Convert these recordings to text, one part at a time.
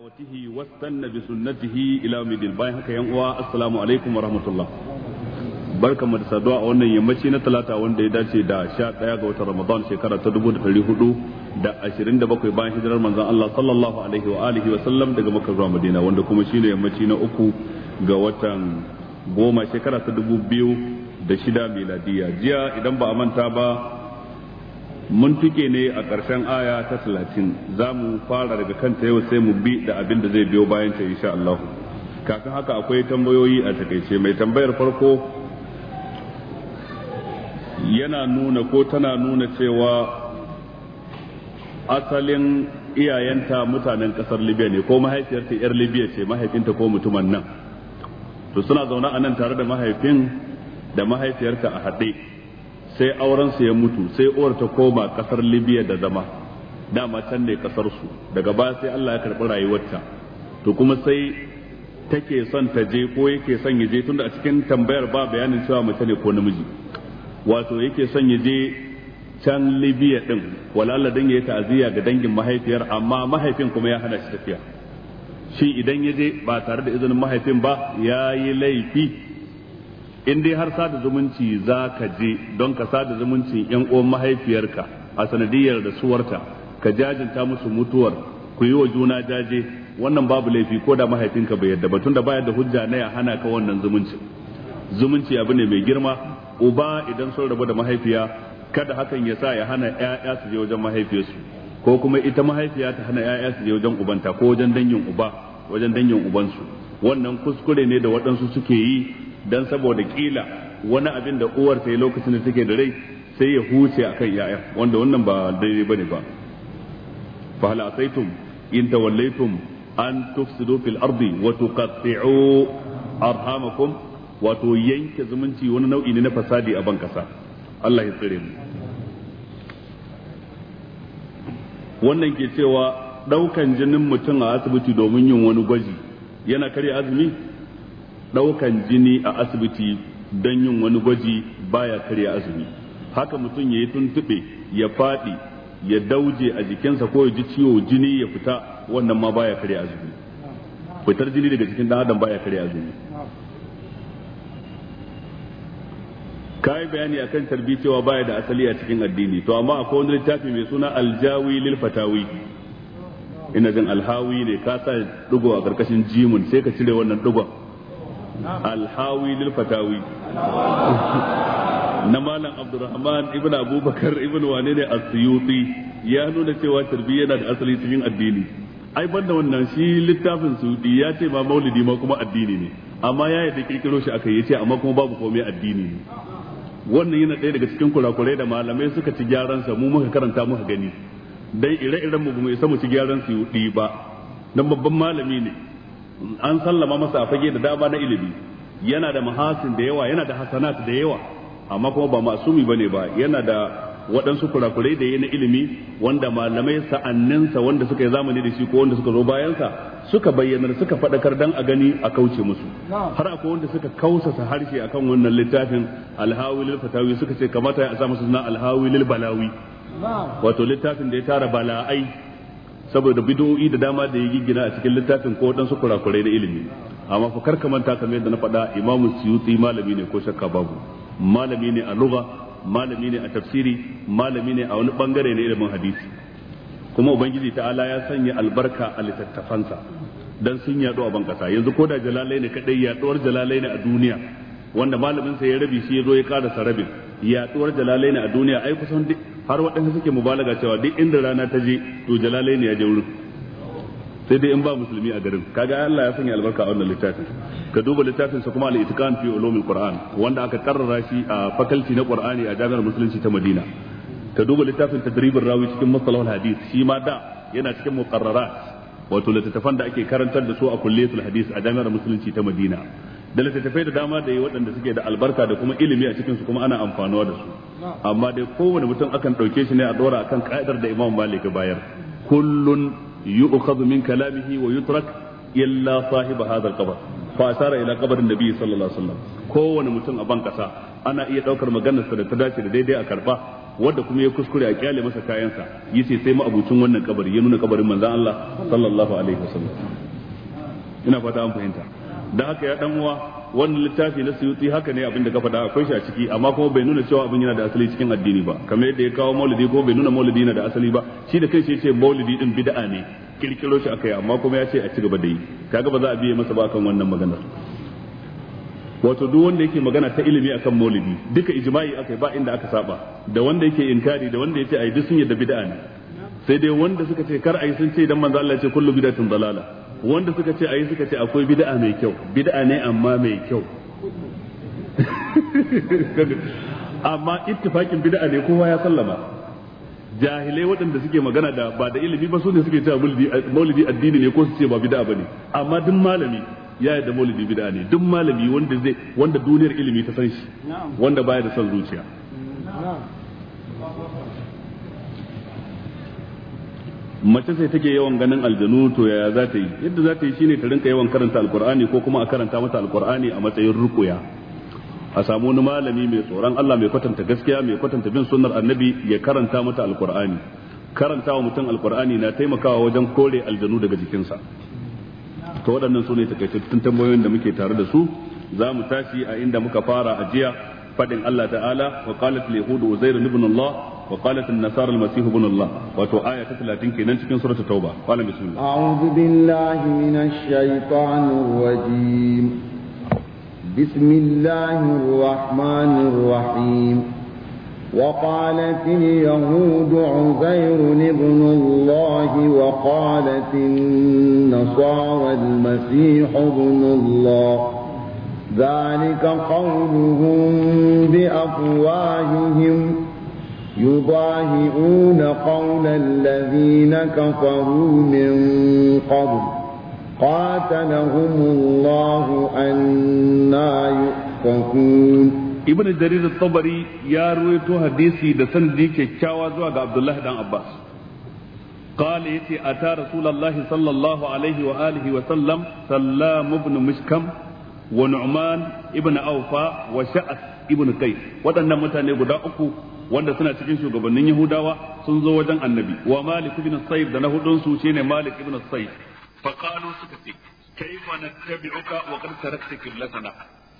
da'awatihi wastanna bi sunnatihi ila midil bayan haka yan uwa assalamu alaikum wa barka barkamu da saduwa a wannan yammaci na talata wanda ya dace da 11 ga watan ramadan shekara ta 1400 da 27 bayan hijirar manzon Allah sallallahu alaihi wa alihi wa sallam daga Makka zuwa Madina wanda kuma shine yammaci na uku ga watan goma shekara ta 2000 da shida miladiya jiya idan ba a manta ba mun tuke ne a ƙarshen aya ta talatin za mu fara daga kanta yau sai mu bi da abin da zai biyo bayan ta insha Allah kakan haka akwai tambayoyi a takaice mai tambayar farko yana nuna ko tana nuna cewa asalin iyayenta mutanen ƙasar libya ne ko mahaifiyarta 'yar libya ce mahaifinta ko mutumin nan to suna zaune a nan tare da mahaifin da mahaifiyarta a haɗe sai su ya mutu sai uwar ta koma kasar libya da zama dama can ne kasar su daga baya sai Allah ya karɓi rayuwarta to kuma sai take son ta je ko yake son ya je tunda a cikin tambayar ba bayanin cewa mace ne ko namiji wato yake son ya je can libya din walala dan yayi ta'aziyya ga dangin mahaifiyar amma mahaifin kuma ya hana shi tafiya Shin idan ya je ba tare da izinin mahaifin ba ya yi laifi in dai har sada zumunci za ka je don ka sada zumuncin yan uwan mahaifiyarka a sanadiyar da suwarta ka jajinta musu mutuwar ku yi wa juna jaje wannan babu laifi ko da mahaifinka bai yadda ba tun da bayar da hujja na ya hana ka wannan zumunci zumunci abu ne mai girma uba idan sun rabu da mahaifiya kada hakan ya sa ya hana ƴaƴa su je wajen mahaifiyarsu ko kuma ita mahaifiya ta hana 'ya'ya su je wajen ubanta ko wajen dangin uba wajen dangin ubansu wannan kuskure ne da waɗansu suke yi dan saboda kila wani abin da uwar ta yi lokacin da take da rai sai ya huce akan yaya wanda wannan ba daidai bane ba fa hal ataytum in tawallaytum an tufsidu fil ardi wa tuqatti'u arhamakum wato yanke zumunci wani nau'i ne na fasadi a bankasa Allah ya tsare mu wannan ke cewa daukan jinin mutum a asibiti domin yin wani gwaji yana karya azumi ɗaukan jini a asibiti don yin wani gwaji baya karya azumi haka mutum ya yi tuntuɓe ya faɗi ya dauje a jikinsa ko ya ji ciwo jini ya fita wannan ma baya karya azumi fitar jini daga cikin ɗan adam baya karya azumi kayi bayani akan tarbi cewa baya da asali a cikin addini to amma akwai wani littafi mai suna aljawi lil fatawi ina jin alhawi ne ka sa digo a karkashin jimun sai ka cire wannan digon alhawi lil fatawi na malam abdurrahman ibn abubakar ibn wane ne as ya nuna cewa tarbiyya yana da asali cikin addini ai banda wannan shi littafin sudi ya ce ba maulidi ma kuma addini ne amma ya yi da kirkiro shi aka yi ce amma kuma babu komai addini ne wannan yana ɗaya daga cikin kurakurai da malamai suka ci gyaran sa mu muka karanta muka gani dai ire-iren mu mu isa mu ci gyaran su ba dan babban malami ne an sallama masa a fage da dama na ilimi yana da mahasin da yawa yana da hasanat da yawa amma kuma ba masumi bane ba yana da waɗansu kurakurai da ya na ilimi wanda malamai sa'anninsa wanda suka yi zamani da shi ko wanda suka zo bayansa suka bayyanar suka faɗakar dan a gani a kauce musu har akwai wanda suka kausasa harshe akan wannan littafin alhawi fatawi suka ce kamata ya sa masa suna alhawi balawi wato littafin da ya tara bala'ai saboda bid'o'i da dama da ya giggina a cikin littafin ko wadansu kurakurai na ilimi amma fa karka manta kamar yadda na faɗa imamu suyuti malami ne ko shakka babu malami ne a lugha malami ne a tafsiri malami ne a wani bangare na ilimin hadisi kuma ubangiji ta ala ya sanya albarka a littattafansa dan sun yaɗu a bankasa yanzu ko da jalalai ne kadai yaɗuwar jalalai ne a duniya wanda malamin sa ya rabi shi ya zo ya sa rabin yaɗuwar jalalai ne a duniya ai kusan duk har waɗansu suke mubalaga cewa duk inda rana ta je to jalalai ne ya je wurin sai dai in ba musulmi a garin kaga Allah ya sanya albarka a wannan littafin ka duba littafin sa kuma al-itqan fi ulumil qur'an wanda aka karrara shi a fakalti na qur'ani a jami'ar musulunci ta Madina ka duba littafin tadribin rawi cikin masalahul hadith shi ma da yana cikin muqarrarat wato littattafan da ake karantar da su a kulliyatul hadith a jami'ar musulunci ta Madina da littattafai da dama da yi waɗanda suke da albarka da kuma ilimi a cikinsu kuma ana amfanuwa da su amma dai kowane mutum akan ɗauke shi ne a ɗora akan ka'idar da imam malik bayar kullun yu'khadhu min kalamihi wa yutrak illa sahiba hadha al-qabr fa asara ila qabrin nabi sallallahu alaihi wasallam kowane mutum a ban kasa ana iya ɗaukar maganarsa da ta dace da daidai a karba wanda kuma ya kuskure a kyale masa kayansa yi sai mu abucin wannan kabari ya nuna kabarin manzon Allah sallallahu alaihi wasallam ina fata an fahimta da haka ya dan uwa wani littafi na suyuti haka ne abin da ka faɗa akwai shi a ciki amma kuma bai nuna cewa abin yana da asali cikin addini ba kamar yadda ya kawo maulidi ko bai nuna maulidi yana da asali ba shi da kai shi ce maulidi din bid'a ne kirkiro shi akai amma kuma ya ce a ci gaba da yi kaga ba za a biye masa ba kan wannan maganar wato duk wanda yake magana ta ilimi akan maulidi duka ijma'i akai ba inda aka saba da wanda yake inkari da wanda yace ai duk sun yadda bid'a ne sai dai wanda suka ce kar ai sun ce dan manzo Allah ya ce kullu bid'atin dalala wanda suka ce ayi suka ce akwai bid'a mai kyau bid'a ne amma mai kyau amma ittifakin bid'a ne kowa ya sallama jahilai waɗanda suke magana da ba da ilimi ba su ne suke cewa maulidi addini ne ko su ce ba bid'a bane amma duk malami ya yarda maulidi bid'a ne duk malami wanda zai wanda duniyar ilimi ta san shi wanda baya da son zuciya mace sai take yawan ganin aljanu to yaya za ta yi yadda za ta yi shine ta rinka yawan karanta alkur'ani ko kuma a karanta mata alkur'ani a matsayin rukuya a samu wani malami mai tsoron Allah mai kwatanta gaskiya mai kwatanta bin sunnar annabi ya karanta mata alkur'ani karanta wa mutum alkur'ani na taimakawa wajen kore aljanu daga jikinsa to waɗannan su ne takaitattun tambayoyin da muke tare da su za mu tashi a inda muka fara ajiya faɗin Allah ta'ala wa qalat al-yahud uzair ibn Allah وقالت النصارى المسيح ابن الله وتو آية 30 كنان cikin سورة التوبة قال بسم الله أعوذ بالله من الشيطان الرجيم بسم الله الرحمن الرحيم وقالت اليهود عزير ابن الله وقالت النصارى المسيح ابن الله ذلك قولهم بأفواههم يضاهئون قول الذين كفروا من قبل قاتلهم الله أنا يؤفكون ibn jarir at-tabari ya ruwaito hadisi da sanadi kyakkyawa zuwa ga abdullah dan abbas قال يتي أتى رسول الله صلى الله عليه وآله وسلم سلام بن مشكم ونعمان ابن أوفى وشأس ابن قيس waɗannan mutane guda uku. wanda suna cikin shugabannin yahudawa sun zo wajen annabi wa malik ibn sayyid da na hudun su shine malik ibn sayyid fa qalu suka ce kaifa nattabi'uka wa qad tarakta qiblatana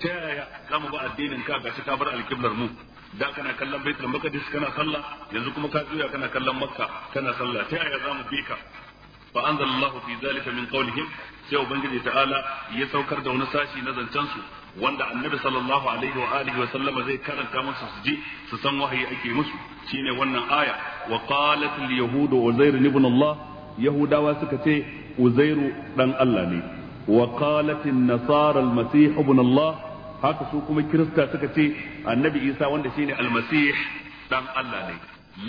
ta yaya zamu ba addinin ka gashi ta bar alqiblar mu da kana kallon baitul maqdis kana sallah yanzu kuma ka juya kana kallon makka kana sallah ta yaya zamu bi ka fa anzalallahu fi zalika min qawlihim sai ubangiji ta'ala ya saukar da wani sashi na zancen su wanda annabi sallallahu alaihi wa alihi wa sallama zai karanta musu su ji su san wahayi ake musu shine wannan aya wa qalat al yahudu uzair ibn allah yahudawa suka ce uzairu dan allah ne wa qalat an nasara al masih ibn allah haka su kuma kirista suka ce annabi isa wanda shine al masih dan allah ne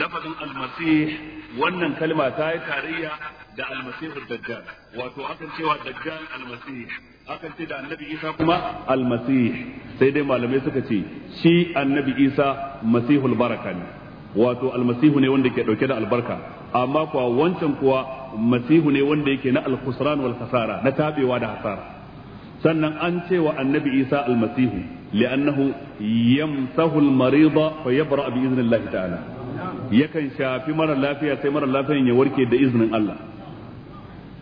lafazin al masih wannan kalma ta yi tarayya da al masih dajjal wato akan cewa dajjal al masih akan ce da annabi isa kuma almasih sai dai malamai suka ce shi annabi isa masihul baraka ne wato almasihu ne wanda ke dauke da albarka amma kuwa wancan kuwa masihu ne wanda yake na alkhusran wal khasara na tabewa da hasara sannan an ce wa annabi isa almasihu li'annahu yamsahu almarida fa yabra bi idnillahi ta'ala yakan shafi mara lafiya sai mara lafiyan ya warke da iznin Allah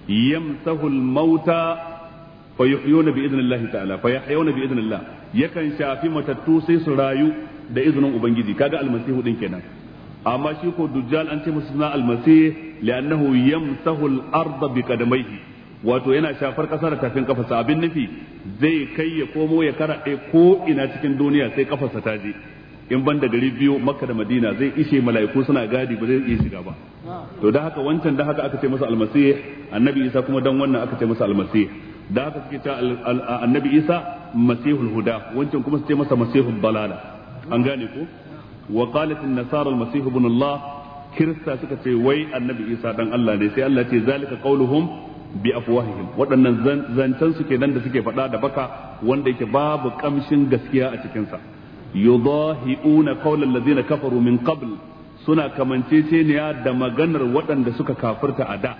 yamsahu almauta fa yuhyuna bi idnillahi ta'ala bi idnillah yakan shafi matattu sai su rayu da izinin ubangiji kaga almasihu din kenan amma shi ko dujjal an ce masa suna almasih li'annahu yamsahu al-ardha bi qadamayhi wato yana shafar kasa da tafin kafarsa abin nufi zai kai ya komo ya karaɗe ko ina cikin duniya sai kafarsa ta je in ban da gari biyu makka da madina zai ishe mala'iku suna gadi ba zai iya shiga ba to da haka wancan da haka aka ce masa almasih annabi isa kuma dan wannan aka ce masa almasih da haka suke ta annabi isa masihul huda wancan kuma su ce masa masihul balala an gane ko wa qalat an-nasara al-masih ibn Allah kirista suka ce wai annabi isa dan Allah ne sai Allah ce zalika qauluhum bi afwahihim waɗannan zancen suke nan da suke faɗa da baka wanda yake babu kamshin gaskiya a cikin sa yudahiuna qawla alladhina kafaru min qabl suna kamanceceniya da maganar waɗanda suka kafirta a da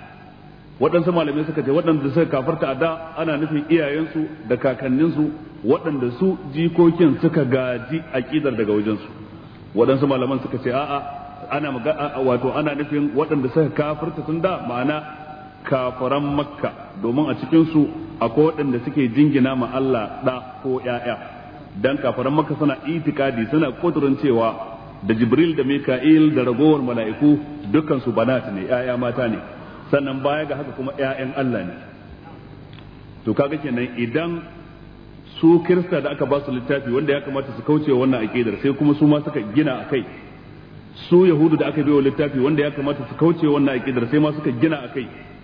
waɗansu malamai suka ce waɗanda suka kafarta a da ana nufin iyayensu da kakanninsu waɗanda su jikokin suka gaji aƙidar daga wajensu waɗansu malaman suka ce a'a ana wato ana nufin waɗanda suka kafarta tun da ma'ana kafaran makka domin a cikinsu akwai waɗanda suke jingina ma Allah ɗa ko ‘ya'ya dan kafaran makka suna itikadi suna kudurin cewa da jibril da mika'il da ragowar mala'iku dukansu banat ne ‘ya'ya mata ne sannan baya ga haka kuma 'ya'yan Allah ne to kaga kenan idan su kirista da aka ba su littafi wanda ya kamata su kauce wannan aqidar sai kuma su ma suka gina a su yahudu da aka biyo littafi wanda ya kamata su kauce wannan aqidar sai ma suka gina a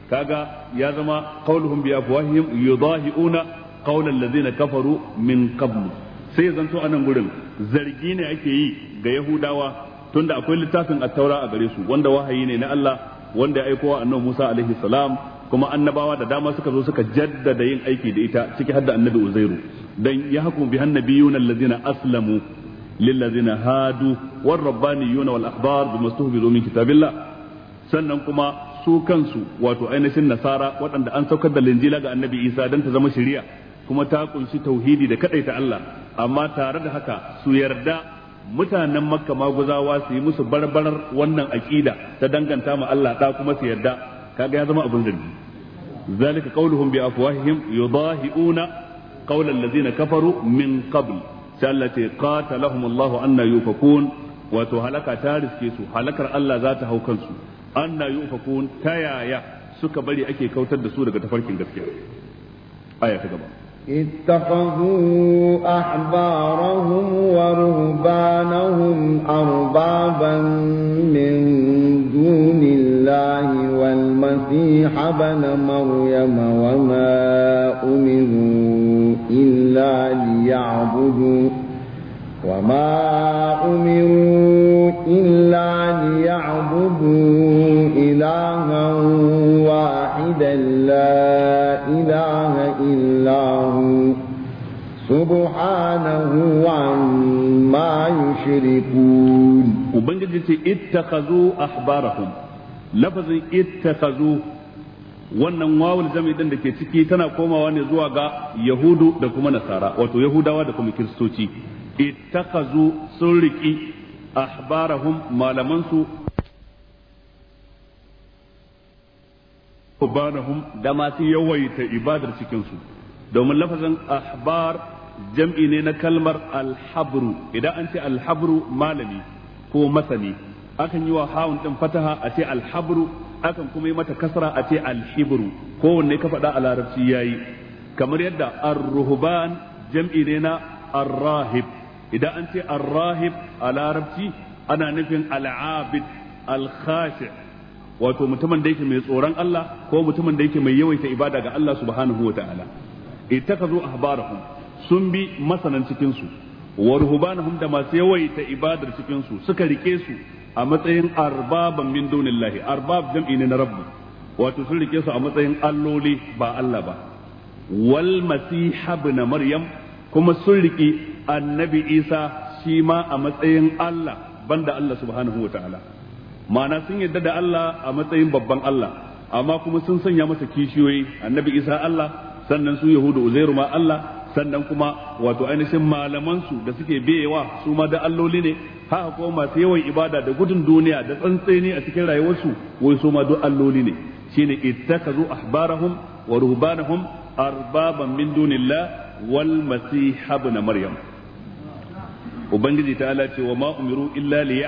kaga ya zama qauluhum bi afwahihim yudahiuna qaula allazina kafaru min qabl sai zanto anan gurin zargi ne ake yi ga yahudawa tunda akwai littafin at-taura a gare su wanda wahayi ne na Allah wanda ya aiko wa annabi Musa alaihi salam kuma annabawa da dama suka zo suka jaddada yin aiki da ita ciki hadda annabi Uzairu dan ya hukum bi annabiyuna allazina aslamu lillazina hadu war rabbaniyuna wal ahbar bima stuhbizu min kitabillah sannan kuma su kansu wato ainihin nasara waɗanda an saukar da linjila ga annabi Isa dan ta zama shari'a kuma ta kunshi tauhidi da kadaita Allah amma tare da haka su yarda mutanen makka maguzawa su yi musu barbarar wannan aqida ta danganta ma Allah da kuma su yarda kaga ya zama abin da ni zalika qauluhum bi afwahihim yudahiuna qaula allazina kafaru min qabl sai qatalahum Allah anna yufakun wato halaka ta riske su halakar Allah za ta hau kansu anna yufakun ta yaya suka bari ake kautar da su daga tafarkin gaskiya aya ta gaba اتخذوا أحبارهم ورهبانهم أربابا من دون الله والمسيح بن مريم وما أمروا إلا ليعبدوا وما أمروا إلا ليعبدوا إلها واحدا لا subhanahu amma yushrikun ubangiji ce ittakhazu ahbarahum lafazin ittakhazu wannan wawul zami din da ke ciki tana komawa ne zuwa ga yahudu da kuma nasara wato yahudawa da kuma kiristoci ittakhazu sun riki ahbarahum malaman su da masu yawaita ibadar cikinsu domin lafazin ahbar jam'i ne na kalmar alhabru idan an ce alhabru malami ko masani akan yi wa hawun ɗin fataha a ce alhabru akan kuma yi mata kasra a ce alhibru kowanne ka faɗa a larabci yayi kamar yadda arruhban jam'i ne na arrahib idan an ce arrahib a larabci ana nufin al'abid al wato mutumin da yake mai tsoron Allah ko mutumin da yake mai yawaita ibada ga Allah subhanahu wa ta'ala a ahbarahum sun bi masanan cikinsu wa ruhbanahum da masu yawaita ibadar cikinsu suka rike su a matsayin arbaban min dunillahi arbab jam'i ne na rabbu wato sun rike su a matsayin alloli ba Allah ba wal masih ibn maryam kuma sun rike annabi isa shi ma a matsayin Allah banda Allah subhanahu wataala ma'ana sun yadda da Allah a matsayin babban Allah amma kuma sun sanya masa kishiyoyi annabi isa Allah sannan su yahudu uzairu ma Allah sannan kuma wato ainihin malaman su da suke biyewa su ma da alloli ne haka kuma masu yawan ibada da gudun duniya da tsantseni a cikin rayuwarsu wai su ma duk alloli ne shine ittakazu ahbarahum wa ruhbanahum arbaban min dunillah wal masih ibn maryam ubangiji ta ala ce wa ma umiru illa li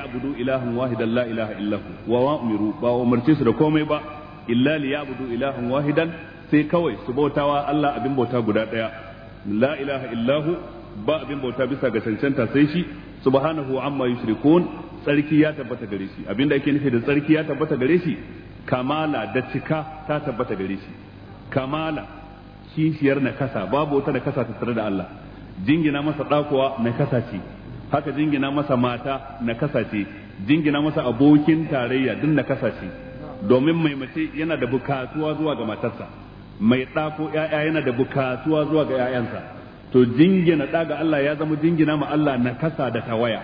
ilahan wahidan la ilaha illahu wa ma umiru ba umarci su da komai ba illa li ilahan wahidan sai kawai su bautawa Allah abin bauta guda daya la ilaha illahu ba abin bauta bisa ga cancanta sai shi subhanahu amma yushrikun tsarki ya tabbata gare shi abinda ake nufi da tsarki ya tabbata gare shi kamala da cika ta tabbata gare shi kamala kishiyar na kasa babu wata na kasa ta tattare da Allah jingina masa dakuwa na kasa ce haka jingina masa mata na kasa ce jingina masa abokin tarayya duk na kasa ce domin mai mace yana da bukatuwa zuwa ga matarsa mai ɗa ko ‘ya'ya yana da bukatuwa zuwa ga ‘ya'yansa to jingina ɗa ga Allah ya zama jingina ma Allah na kasa da tawaya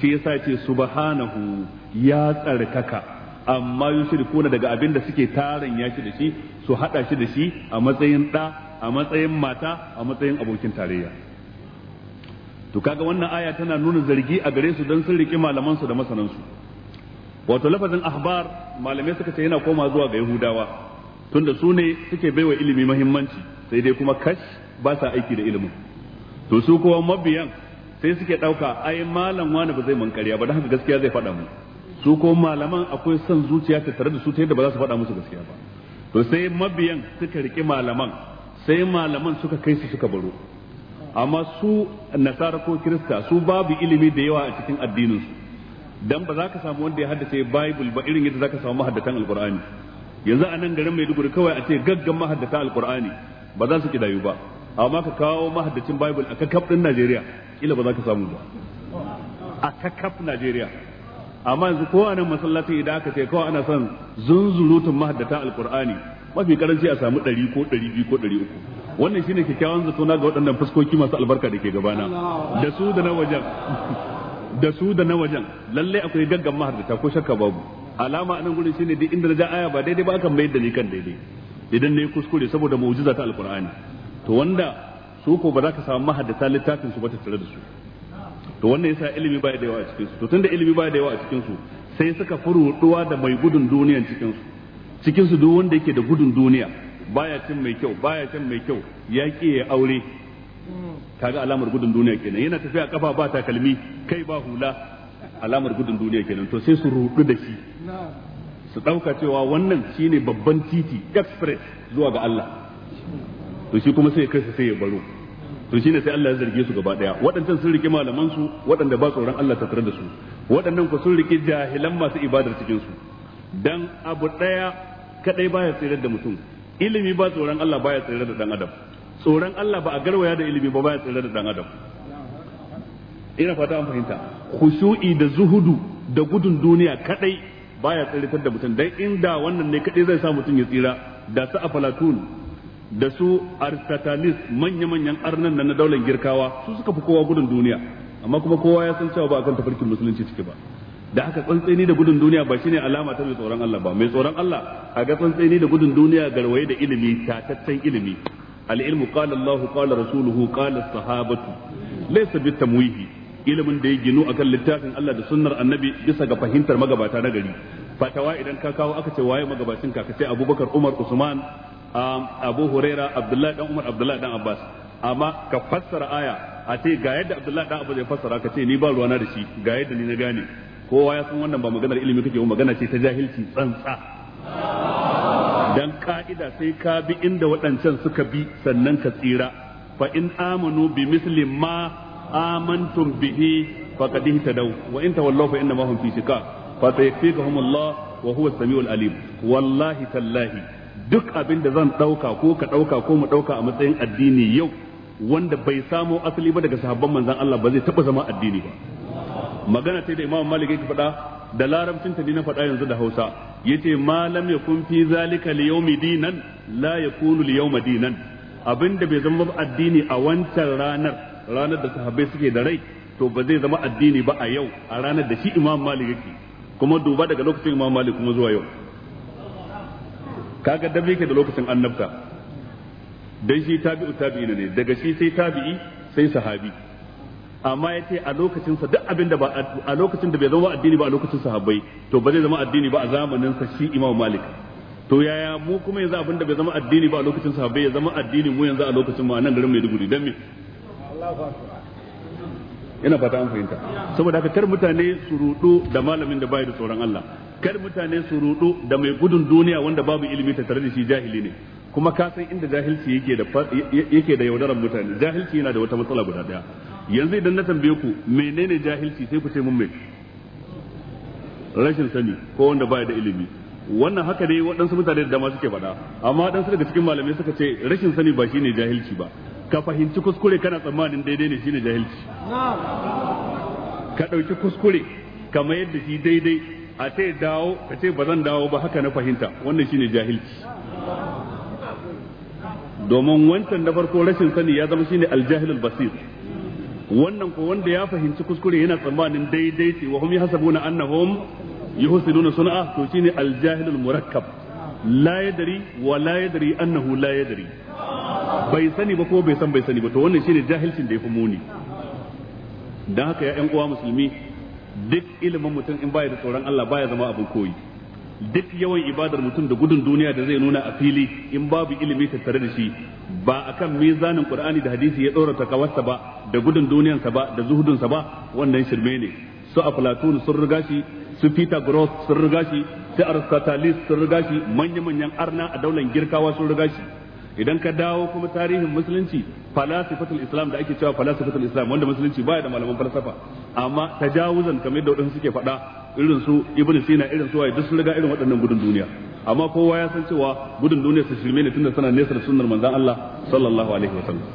shi yasa ce subhanahu ya tsarkaka amma na daga abin da suke tarin ya shi da shi su haɗa shi da shi a matsayin ɗa a matsayin mata a matsayin abokin tarayya to kaga wannan aya tana nuna zargi a gare su don sun riƙi malaman da masanansu wato lafazin ahbar malamai suka ce yana koma zuwa ga yahudawa tunda su ne suke baiwa ilimi mahimmanci sai dai kuma kash ba sa aiki da ilimin to su kuma mabiyan sai suke ɗauka ai malam wani ba zai man ba don haka gaskiya zai faɗa mu su ko malaman akwai son zuciya ta tare da su ta yadda ba za su faɗa musu gaskiya ba to sai mabiyan suka rike malaman sai malaman suka kai su suka baro amma su nasara ko kirista su babu ilimi da yawa a cikin addinin su dan ba za ka samu wanda ya haddace bible ba irin yadda za ka samu mahaddatan alqur'ani yanzu anan nan garin Maiduguri kawai a ce gaggan mahaddata alqur'ani ba za su kidayu ba amma ka kawo mahaddacin bible a kakaf din Najeriya kila ba za ka samu ba a kakaf Najeriya amma yanzu ko nan masallaci idan aka ce kawai ana son zunzurutun mahaddata alqur'ani mafi karanci a samu ɗari ko ɗari biyu ko ɗari uku wannan shine kyakkyawan zato na ga waɗannan fuskoki masu albarka da ke gabana da su da na wajen da su da na wajen lallai akwai gaggan mahaddata ko shakka babu alama anan gurin shine duk inda da aya ba daidai ba akan mayar da ni kan daidai idan ne kuskure saboda mu'jiza ta alqur'ani to wanda su ko ba za ka samu mahaddata littafin su ba ta tare da su to wannan yasa ilimi ba da yawa a cikin su to tunda ilimi ba da yawa a cikin su sai suka furuduwa da mai gudun duniya cikin su cikin su duk wanda yake da gudun duniya baya cin mai kyau baya cin mai kyau ya ki ya aure kaga alamar gudun duniya kenan yana tafiya kafa ba takalmi kai ba hula alamar gudun duniya kenan to sai su rudu da shi su ɗauka cewa wannan shine babban titi express zuwa ga Allah to shi kuma sai kai sai ya baro to shine sai Allah ya zarge su gaba daya waɗancan sun rike malaman su waɗanda ba tsoron Allah tattare da su waɗannan ku sun rike jahilan masu ibadar cikin su dan abu daya kadai baya tsirar da mutum ilimi ba tsoron Allah baya tsirar da dan adam tsoron Allah ba a garwaya da ilimi ba baya tsirar da dan adam ina fata an fahimta khushu'i da zuhudu da gudun duniya kadai baya tsiritar da mutum dan inda wannan ne kadai zai sa mutum ya tsira da su aflatun da su aristatalis manya-manyan arnan nan na daular girkawa su suka fi kowa gudun duniya amma kuma kowa ya san cewa ba akan tafarkin musulunci cike ba da haka tsantseni da gudun duniya ba shine alama ta mai tsoron Allah ba mai tsoron Allah a ga tsantseni da gudun duniya garwaye da ilimi tattan ilimi al-ilmu qala Allah qala rasuluhu qala sahabatu laysa bitamwihi ilimin da ya ginu akan littafin Allah da sunnar annabi bisa ga fahimtar magabata na gari fatawa idan ka kawo aka ce waye magabacin ka ce Abubakar Umar Usman um, Abu Huraira Abdullahi dan Umar Abdullahi dan Abbas amma ka fassara aya a ce ga yadda Abdullahi dan Abbas ya fassara ka ce ni ba ruwana da shi ga yadda ni na gane kowa ya san wannan ba maganar ilimi kake ba magana ce ta jahilci tsantsa dan ka'ida sai ka bi inda waɗancan suka bi sannan ka tsira fa in amanu bi misli ma amantum bihi faqad ihtadaw wa in tawallaw fa inna ma hum fi shiqaq fa sayakfikuhum Allah wa samiul alim wallahi tallahi duk abin da zan ɗauka ko ka ɗauka ko mu ɗauka a matsayin addini yau wanda bai samo asali ba daga sahabban manzan Allah ba zai taba zama addini ba magana ce da Imam Malik yake faɗa da larabcin ta na faɗa yanzu da Hausa yace malam yakun fi zalika liyawmi dinan la yakunu liyawma dinan abinda bai zama addini a wancan ranar ranar da sahabbai suke da rai to ba zai zama addini ba a yau a ranar da shi imam malik yake kuma duba daga lokacin imam malik kuma zuwa yau kaga dabi ke da lokacin annabta dan shi tabi'u tabi'i ne daga shi sai tabi'i sai sahabi amma ya ce a lokacin sa duk abin da ba a lokacin da bai zama addini ba a lokacin sahabbai to ba zai zama addini ba a zamanin sa shi imam malik to yaya mu kuma yanzu abin da bai zama addini ba a lokacin sahabbai ya zama addini mu yanzu a lokacin mu a nan garin Maiduguri dan me ina fata an fahimta saboda haka kar mutane su rudu da malamin da bai da tsoron Allah kar mutane su rudu da mai gudun duniya wanda babu ilimi ta tare da shi jahili ne kuma ka san inda jahilci yake da yake da yaudaran mutane jahilci yana da wata matsala guda daya yanzu idan na tambaye ku menene jahilci sai ku ce mun me rashin sani ko wanda bai da ilimi wannan haka dai waɗansu mutane da dama suke faɗa amma waɗansu daga cikin malamai suka ce rashin sani ba shine jahilci ba ka fahimci kuskure kana tsammanin daidai ne shine jahilci ka ɗauki kuskure ka mayar da shi daidai a ce dawo ka ce ba zan dawo ba haka na fahimta wannan shine jahilci domin wancan na farko rashin sani ya zama shine aljahilul basir wannan ko wanda ya fahimci kuskure yana tsammanin daidai ce wa hum yahsabuna annahum yuhsinuna sun'a to shine aljahilul murakkab la yadri wa la yadri annahu la yadri bai sani ba ko bai san bai sani ba to wannan shine jahilcin da fi muni dan haka ya ƴan uwa musulmi duk ilimin mutum in baya da tsoron Allah baya zama abin koyi duk yawan ibadar mutum da gudun duniya da zai nuna a fili in babu ilimi tare da shi ba akan mizanin qur'ani da hadisi ya dora kawasta ba da gudun duniyansa ba da zuhudun sa ba wannan shirme ne su a platon sun riga shi su pythagoras sun riga shi su aristotle sun riga shi manya-manyan arna a daular girkawa sun riga shi idan ka dawo kuma tarihin musulunci falasifatul islam da ake cewa falasifatul islam wanda musulunci baya da malaman falsafa amma tajawuzan kamar yadda wadansu suke faɗa irin su ibnu sina irin su waye duk sun riga irin waɗannan gudun duniya amma kowa ya san cewa gudun duniya su shirme ne tunda suna nesa da sunnar manzon Allah sallallahu alaihi wasallam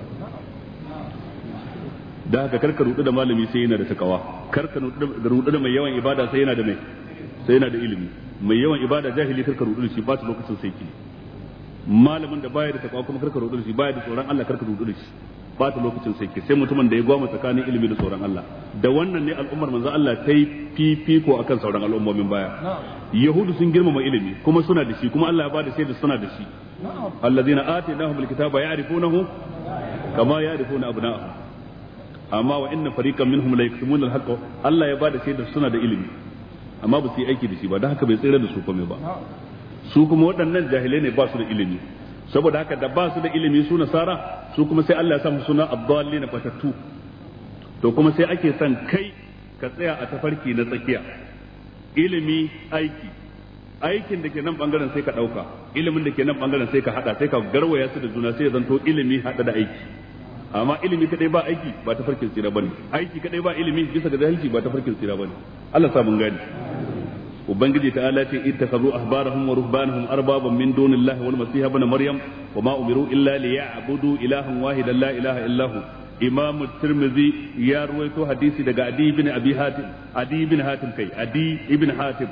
da haka karka rudu da malami sai yana da takawa karka rudu da mai yawan ibada sai yana da mai sai yana da ilimi mai yawan ibada jahili karka rudu da shi ba lokacin sai ki malamin da baya da takwa kuma karka rudu da shi baya da tsoron Allah karka rudu da shi ba ta lokacin sai sai mutumin da ya gwama tsakanin ilimi da tsoron Allah da wannan ne al'ummar manzo Allah ta yi fifiko akan sauran al'ummomin baya yahudu sun girmama ilimi kuma suna da shi kuma Allah ya bada shaida suna da shi allazina atainahumul kitaba ya'rifunahu kama ya'rifuna abna'ahum amma wa inna fariqan minhum la yaktumuna al-haqqa Allah ya bada shaida suna da ilimi amma ba su yi aiki da shi ba don haka bai tsira da su kome ba su kuma waɗannan jahilai ne ba su da ilimi saboda haka da ba su da ilimi su nasara su kuma sai Allah ya sa suna abdalli na fatattu to kuma sai ake son kai ka tsaya a tafarki na tsakiya ilimi aiki aikin da ke nan bangaren sai ka ɗauka ilimin da ke nan bangaren sai ka haɗa sai ka garwaya su da juna sai ya zanto ilimi haɗa da aiki amma ilimi kaɗai ba aiki ba tafarkin tsira bane aiki kaɗai ba ilimi bisa ga jahilci ba tafarkin tsira bane Allah sa mun gani ubangiji ta ala ce ittakhadhu ahbarahum wa ruhbanahum arbaban min dunillahi wal masiha ibn maryam wa ma umiru illa liya'budu ilahan wahidan la ilaha illa hu tirmidhi ya ruwaito hadisi daga adi ibn abi hatim adi ibn hatim kai adi ibn hatim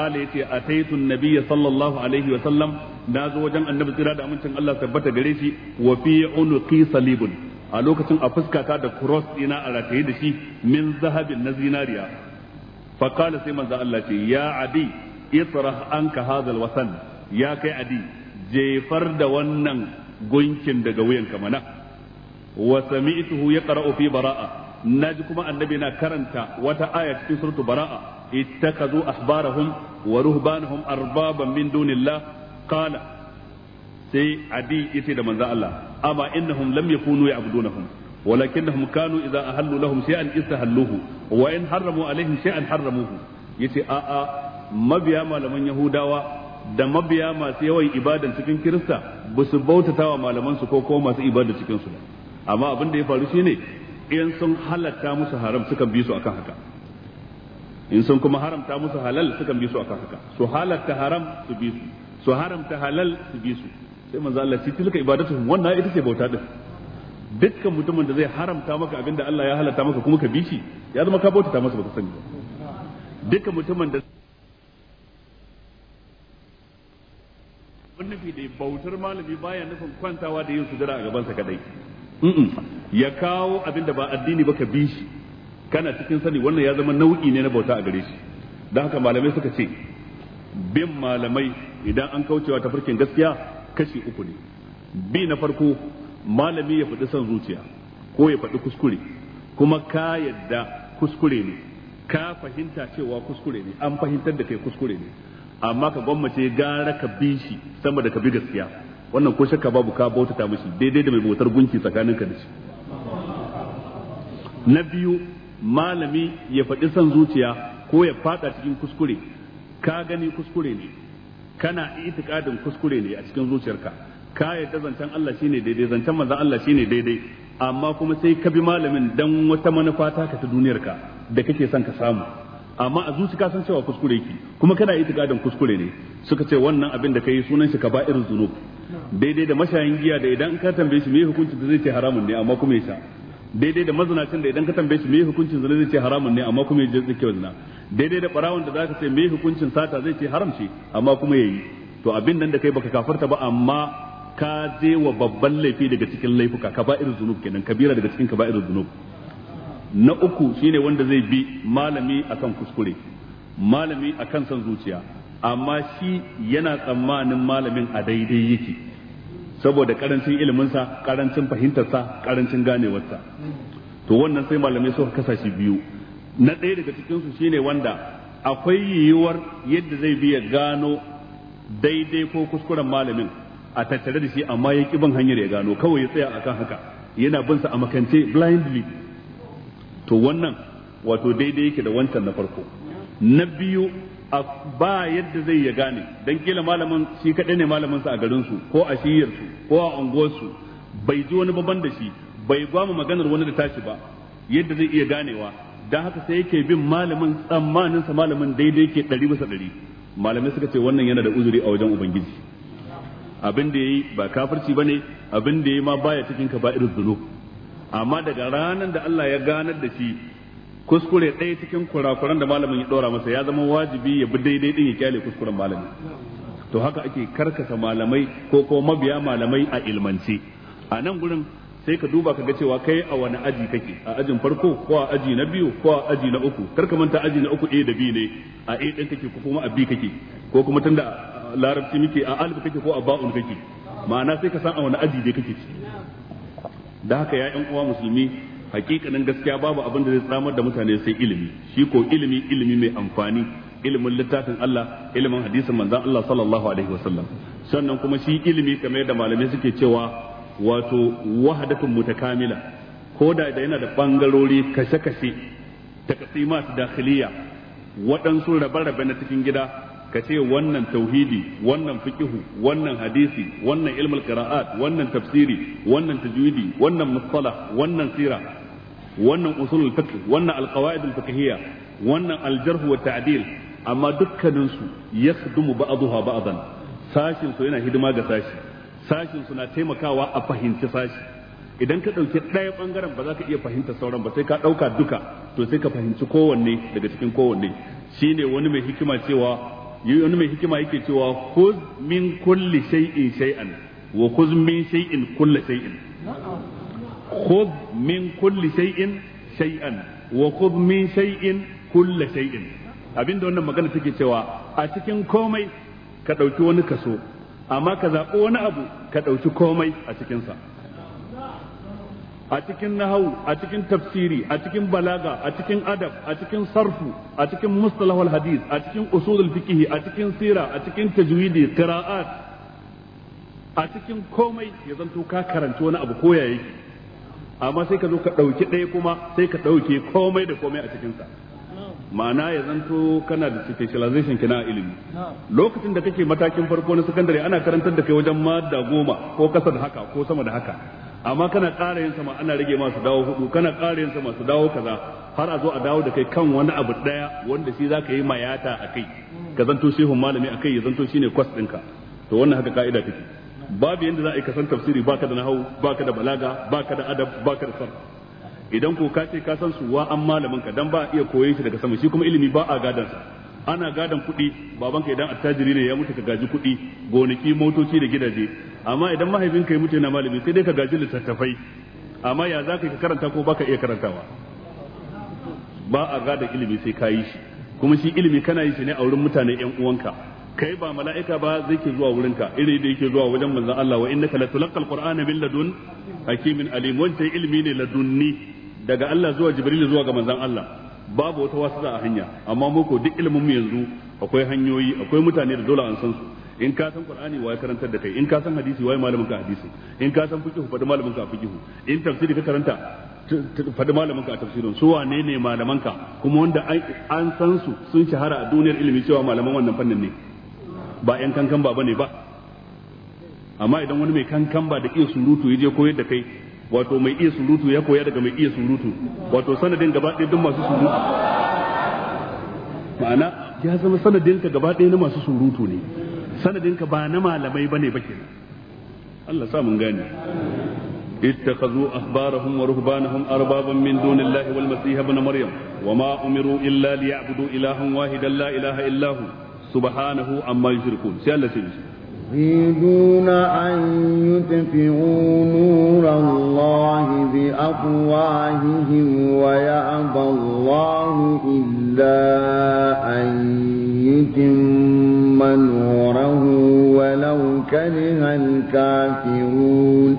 قال يتي أتيت النبي صلى الله عليه وسلم نازو وجن النبي صلى الله عليه الله ثبت غريشي وفي عنقي صليب a lokacin a fuskata da cross dina a rataye da shi min zahabin na zinariya fa sai manza Allah ce ya adi Isra an ka hadha wasan ya kai adi jefar da wannan gunkin daga wuyan ka mana wa sami'tuhu yaqra'u fi bara'a naji kuma annabi na karanta wata aya cikin suratu bara'a ittakazu ahbarahum wa ruhbanahum arbaban min dunillah qala sai adi yace da manzo Allah amma innahum lam yakunu ya'budunahum walakinnahum kanu idza ahallu lahum shay'an istahalluhu wa in harramu alaihim shay'an harramuhu yace a a mabiya malaman yahudawa da mabiya masu yawan ibadan cikin kirista ba su bautata wa malaman su ko ko masu ibada cikin su amma abin da ya faru shine in sun halatta musu haram sukan bi su akan haka in sun kuma haramta musu halal sukan bi su akan haka su halatta haram su bi su su haramta halal su bi su sai manzo Allah shi tilka ibadatu wannan ita ce bauta din dukkan mutumin da zai haramta maka abin da Allah ya halatta maka kuma ka bi shi ya zama ka bauta masa baka sani ba dukkan mutumin da Wannan da bautar malami baya nufin kwantawa da yin sujada a sa kadai ya kawo abin da ba addini ba ka bi shi kana cikin sani wannan ya zama nau'i ne na bauta a gare shi don haka malamai suka ce bin malamai idan an kaucewa ta farkin gaskiya kashi uku ne bi na farko malami ya faɗi son zuciya ko ya faɗi kuskure kuma ka yadda kuskure ne ka fahimta cewa kuskure ne an fahimtar da kai kuskure ne amma ka gwammace gara ka bi shi sama da ka bi gaskiya wannan ko shakka babu ka bautata mishi daidai da mai bautar gunki tsakanin ka da shi na biyu malami ya faɗi son zuciya ko ya faɗa cikin kuskure ka gani kuskure ne kana itikadin kuskure ne a cikin zuciyarka ka yadda zancen Allah shine daidai zancen manzon Allah shine daidai amma kuma sai ka bi malamin dan wata manufa ta ka ta duniyar ka da kake son ka samu amma a zuci ka san cewa kuskure ki kuma kana itikadin kuskure ne suka ce wannan abin da kai sunan shi ka ba irin zunub daidai da mashayin giya da idan ka tambaye shi me hukunci da zai ce haramun ne amma kuma ya sha daidai da mazinacin da idan ka tambaye shi me hukuncin zina zai ce haramun ne amma kuma ya je tsike daidai da barawon da zaka ce me hukuncin sata zai ce haram shi amma kuma yayi to abin nan da kai baka kafarta ba amma ka je wa babban laifi daga cikin laifuka kaba'ir zunub kenan kabira daga cikin kaba'ir zunub na uku shine wanda zai bi malami akan kuskure malami akan san zuciya amma shi yana tsammanin malamin a daidai yake saboda karancin iliminsa karancin fahimtarsa karancin ganewarsa to wannan sai malamai suka kasa shi biyu na ɗaya daga cikinsu shine wanda akwai yiwuwar yadda zai biya gano daidai ko kuskuren malamin a tattare da shi amma ya ƙi bin hanyar ya gano kawai ya tsaya akan haka yana bin sa a makance blindly to wannan wato daidai yake da wancan na farko na biyu a ba yadda zai ya gane dan kila malamin shi kaɗai ne malamin sa a garin su ko a shiyar su ko a unguwar su bai ji wani baban da shi bai gwama maganar wani da tashi ba yadda zai iya ganewa dan haka sai yake bin malamin tsammanin sa malamin daidai yake 100 100 malamai suka ce wannan yana da uzuri a wajen ubangiji abin da yayi ba kafirci bane abin da yayi ma baya cikin irin dhunub amma daga ranar da Allah ya ganar da shi kuskure ɗaya cikin kurakuran da malamin ya ɗora masa ya zama wajibi ya bi daidai din ya kyale kuskuren malami to haka ake karkasa malamai ko ko mabiya malamai a ilmance a nan gurin sai ka duba ka ga cewa kai a wani aji kake a ajin farko ko a aji na biyu ko a aji na uku kar manta aji na uku A da B ne a A din kake ko kuma a B kake ko kuma tunda larabci muke a alif kake ko a ba'un kake ma'ana sai ka san a wani aji dai kake ciki da haka ya yan uwa musulmi hakikanin gaskiya babu abin da zai tsamar da mutane sai ilimi shi ko ilimi ilimi mai amfani ilimin littafin Allah ilimin hadisin manzon Allah sallallahu alaihi wasallam sannan kuma shi ilimi kamar yadda malamai suke cewa wato wahadatun mutakamila ko da yana da bangarori kashe-kashe masu dakhiliya waɗansu rabe-rabe na cikin gida ka ce wannan tauhidi wannan fiqihu wannan hadisi wannan ilmul qira'at wannan tafsiri wannan tajwidi wannan mustalah wannan sira wannan usulul fiqh wannan alqawaid alfiqhiyya wannan aljarh wa ta'dil amma dukkanin su yakhdumu ba'daha ba'dan sashin su yana hidima ga sashi sashin su na taimakawa a fahimci sashi idan ka ɗauki ɗaya ɓangaren ba za ka iya fahimtar sauran ba sai ka ɗauka duka to sai ka fahimci kowanne daga cikin kowanne shine wani mai hikima cewa wani mai hikima yake cewa khuz min kulli shay'in shay'an wa khuz min shay'in kulli shay'in khuz min kulli shay'in shay'an wa khuz min shay'in kulli shay'in abinda wannan magana take cewa a cikin komai ka dauki wani kaso amma ka zaɓi wani abu ka dauki komai a cikinsa a cikin nahawu a cikin tafsiri a cikin balaga a cikin adab a cikin sarfu a cikin mustalahul hadith a cikin usulul fiqh a cikin sira a cikin tajwidi qira'at a cikin komai ya zanto ka karanta wani abu koya amma sai ka zo ka ɗauki ɗaya kuma sai ka ɗauke komai da komai a cikinsa ma'ana ya zanto kana da specialization kina a ilimi lokacin da kake matakin farko na sakandare ana karantar da kai wajen madda goma ko kasa haka ko sama da haka amma kana ƙara yin sama ana rage masu dawo hudu kana ƙara yin sama su dawo kaza har a zo a dawo da kai kan wani abu daya wanda shi zaka yi mayata a kai ka zanto shehun malami a kai ya zanto shine kwas ɗinka to wannan haka ka'ida take babu yadda za a yi kasan tafsiri baka da nahau baka da balaga baka da adab baka da sar idan ko ka ce ka san su wa an malamin ka dan ba a iya koyon shi daga sama shi kuma ilimi ba a gadansa ana gadon kuɗi babanka idan attajiri ne ya mutu ka gaji kuɗi gonaki motoci da gidaje amma idan mahaifinka ya mutu yana malami sai dai ka gaji littattafai amma ya za ka karanta ko baka iya karantawa ba a gada ilimi sai ka yi shi kuma shi ilimi kana yi shi ne a wurin mutane yan uwanka kai ba mala'ika ba zai ke zuwa wurinka iri da yake zuwa wajen manzon Allah wa innaka latulqal qur'ana min ladun hakimin alim wancan ilimi ne ladunni daga Allah zuwa jibril zuwa ga manzan Allah babu wata za a hanya amma muku duk ilimin mu yanzu akwai hanyoyi akwai mutane da dole an san su in ka san qur'ani wai karantar da kai in ka san hadisi wai malamin ka hadisi in ka san fiqh fadi malamin ka fiqh in tafsiri ka karanta fadi malamin ka tafsirin su wane ne malaman ka kuma wanda an san su sun shahara a duniyar ilimi cewa malaman wannan fannin ne ba yan kankan ba bane ba amma idan wani mai kankan ba da iya surutu yaje koyar da kai wato mai iya surutu ya koya daga mai iya surutu wato sanadin gaba ɗaya duk masu surutu ma'ana ya zama sanadinka gaba ɗaya na masu surutu ne sanadinka ba na malamai bane ba ke. Allah sa mun gane اتخذوا أخبارهم ورهبانهم أربابا من دون الله والمسيح ابن مريم وما أمروا إلا ليعبدوا إلها واحدا لا إله إلا هو سبحانه عما يشركون سيالة سيالة يريدون أن يطفئوا نور الله بأفواههم ويأبى الله إلا أن يتم نوره ولو كره الكافرون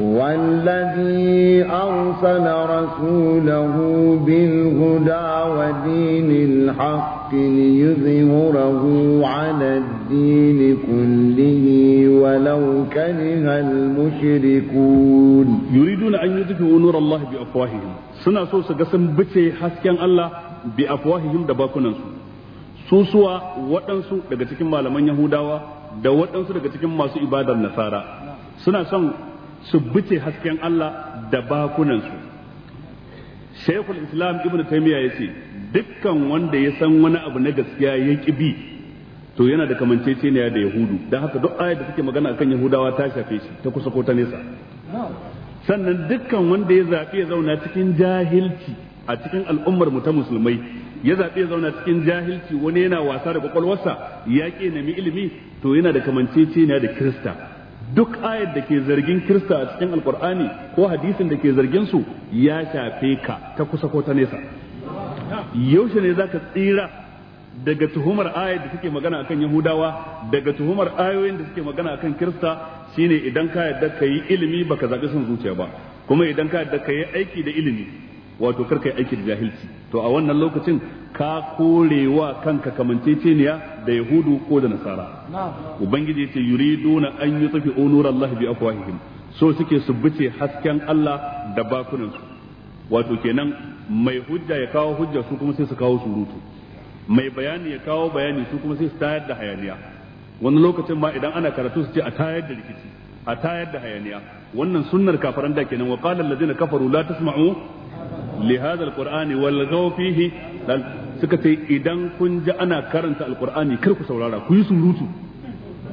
والذي أرسل رسوله بالهدى ودين الحق الحق ليظهره على الدين كله ولو كره المشركون يريدون أن يطفئوا نور الله بأفواههم سنة سوسة قسم بتي حسكن الله بأفواههم دباكنا سوسوا وطنسوا daga cikin malaman Yahudawa da waɗansu daga cikin masu ibadar Nasara suna son su bice hasken Allah da bakunansu Shaykhul Islam Ibn Taymiyyah ya ce dukkan wanda ya san wani abu na gaskiya ya ki bi to yana da ne da yahudu don haka duk ayar da take magana akan yahudawa ta shafe shi ta kusa ko ta nesa sannan dukkan wanda ya zaɓi ya zauna cikin jahilci a cikin al'ummar mu ta musulmai ya zaɓi ya zauna cikin jahilci wani yana wasa da kwakwalwarsa ya ƙi nemi ilimi to yana da ne da kirista duk ayat da ke zargin kirista a cikin alkur'ani ko hadisin da ke zargin su ya shafe ka ta kusa ko ta nesa yaushe ne za ka tsira daga tuhumar ayat da suke magana akan yahudawa daga tuhumar ayoyin da suke magana akan kirista shine idan ka yadda ka yi ilimi baka zaɓi son zuciya ba kuma idan ka yadda ka yi aiki da ilimi wato kar yi aiki da jahilci to a wannan lokacin ka korewa kanka kamanceceniya da yahudu ko da nasara ubangiji ce yuriduna an yutfi onurallahi bi afwahihim so suke su bice hasken Allah da bakunansu wato kenan mai hujja ya kawo hujja su kuma sai su kawo surutu mai bayani ya kawo bayani su kuma sai su tayar da hayaniya wani lokacin ma idan ana karatu su ce a tayar da rikici a tayar da hayaniya wannan sunnar kafaran da kenan wa qala allazina kafaru la tasma'u li hadha alqur'ani wal fihi suka ce idan kun ji ana karanta alqur'ani kar ku saurara ku yi surutu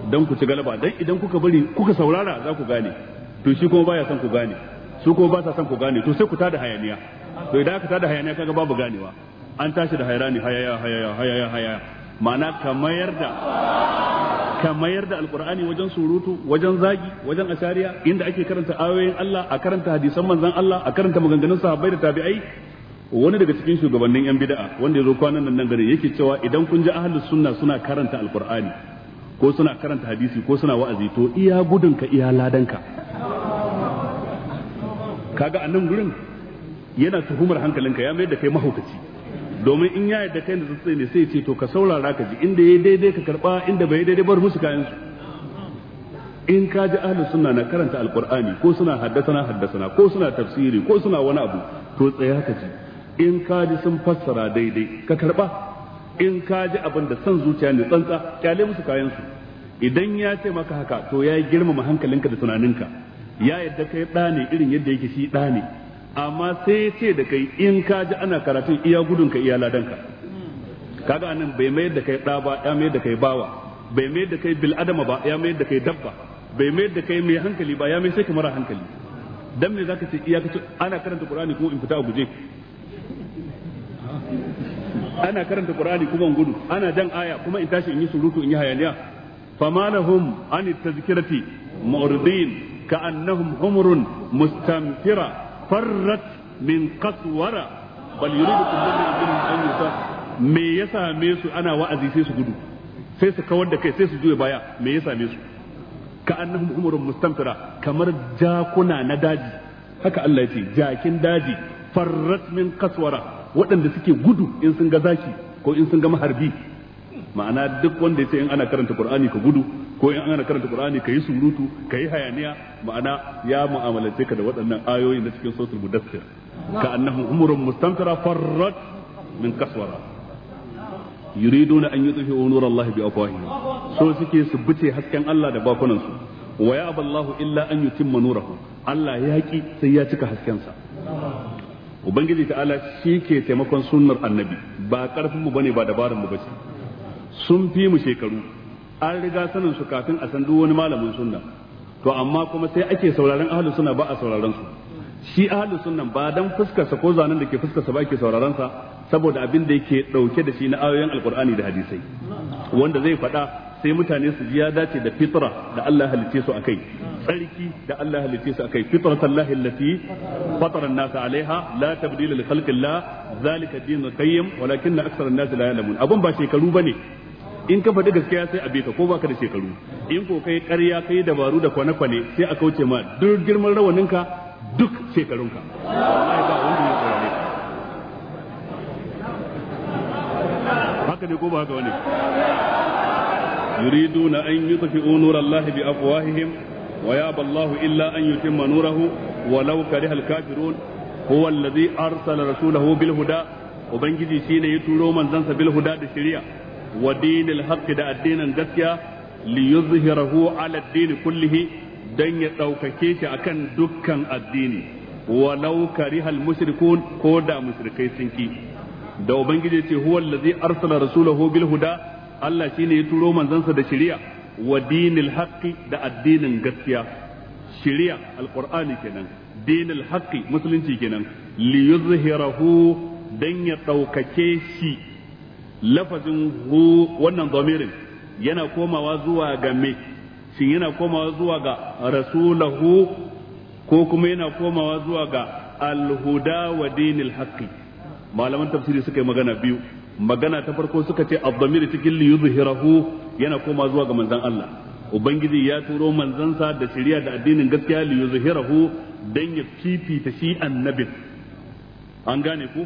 dan ku ci galaba dan idan kuka bari kuka saurara za ku gane to shi kuma baya son ku gane su ko ba sa son ku gane to sai ku tada hayaniya to idan aka tada hayaniya kaga babu ganewa an tashi da hayrani hayaya hayaya hayaya hayaya ma'ana mayar da kamayar da alqur'ani wajen surutu wajen zagi wajen ashariya inda ake karanta ayoyin Allah a karanta hadisan manzon Allah a karanta maganganun sahabbai da tabi'ai wani daga cikin shugabannin yan bid'a wanda yazo kwanan nan nan gare yake cewa idan kun ji ahlus sunna suna karanta alqur'ani ko suna karanta hadisi ko suna wa'azi to iya gudun ka iya ladanka kaga a nan gurin yana tuhumar hankalinka ya mayar da kai mahaukaci domin in ya yarda kai da tsatsai ne sai ce to ka saurara ka ji inda ya daidai ka karba inda bai daidai bar musu kayan su in ka ji ahlus sunna na karanta alqur'ani ko suna haddasana haddasana ko suna tafsiri ko suna wani abu to tsaya ka ji in ka ji sun fassara daidai ka karba in ka ji abin da son zuciya ne tsantsa kyale musu kayan su idan ya ce maka haka to ya yi girmama hankalinka da tunaninka ya yadda kai ɗa ne irin yadda yake shi ɗa ne amma sai ce da kai in ka ji ana karatun iya gudun ka iya ladanka kaga nan bai mayar da kai ɗa ba ya mayar da kai bawa bai mayar da kai bil adama ba ya mayar da kai dabba bai mayar da kai mai hankali ba ya mai sai mara hankali dan me zaka ce iya kace ana karanta qur'ani kuma in fita a guje ana karanta qur'ani kuma in gudu ana jan aya kuma in tashi in yi surutu in yi hayaniya famalahum anit tazkirati mu'ridin كأنهم حمر مستنفرة فرت من قسورة بل يريد كل منهم أن يسافر me ya same su ana wa'azi sai su gudu sai su kawar da kai sai su juya baya me ya same su ka annahum umurun mustamtira kamar jakuna na daji haka Allah ya ce jakin daji farrat min kaswara waɗanda suke gudu in sun ga zaki ko in sun ga maharbi ma'ana duk wanda ya ce in ana karanta qur'ani ka gudu ko in ana karanta qur'ani yi surutu yi hayaniya ma'ana ya mu'amalace ka da waɗannan ayoyin da cikin suratul mudaththir ka annahum umurun mustamtara farrat min kaswara yuriduna an yutfi'u nurallahi bi afwahihim so suke su buce hasken Allah da bakunan su wa ya aballahu illa an yutimma nurahu Allah ya haƙi sai ya cika haskensa ubangiji ta'ala shi ke taimakon sunnar annabi ba karfin mu bane ba dabarun mu bace sun fi mu shekaru an riga sanin su kafin a san duk wani malamin sunna to amma kuma sai ake sauraron ahlus sunna ba a sauraron su shi ahlus sunnan ba dan fuskarsa ko zanen da ke fuskarsa ba ke sauraron sa saboda abin da yake dauke da shi na ayoyin alqur'ani da hadisai wanda zai faɗa sai mutane su ji ya dace da fitra da Allah halitte su akai tsarki da Allah halitte su akai fitratan lahi allati fatara an-nas alaiha la tabdila li khalqillah zalika dinul qayyim walakinna aktsara an-nas la ya'lamun abun ba shekaru bane in ka faɗi gaskiya sai a ka ko ba ka da shekaru in ko kai ƙarya kai dabaru da kwane-kwane sai a kauce ma duk girman rawaninka duk shekarunka haka ne ko ba haka wani yuridu na an yi tafi unur Allah bi afwahihim wa ya ballahu illa an yutimma nurahu walau kariha al ko huwa alladhi arsala rasulahu bil huda ubangiji shine ya turo manzansa bil huda da shirya. wa dinil da addinin gaskiya li yuzhirahu ala ad-din kullihi dan ya daukake shi akan dukkan addini walau karihal mushrikun ko da mushrikai sun da ubangiji ce huwa allazi arsala rasulahu bil huda Allah shine ya turo manzansa da shari'a wa dinil haqqi da addinin gaskiya shari'a alqur'ani kenan dinil haqqi musulunci kenan li dan ya ɗaukake shi lafazin hu wannan domirin yana komawa zuwa ga me shin yana komawa zuwa ga rasulahu ko kuma yana komawa zuwa ga alhuda wa dinil haqqi malaman tafsiri suka yi magana biyu magana ta farko suka ce ad-damir cikin li yuzhirahu yana komawa zuwa ga manzon Allah ubangiji ya turo manzansa da shari'a da addinin gaskiya li yuzhirahu dan ya fifita shi annabi an gane ku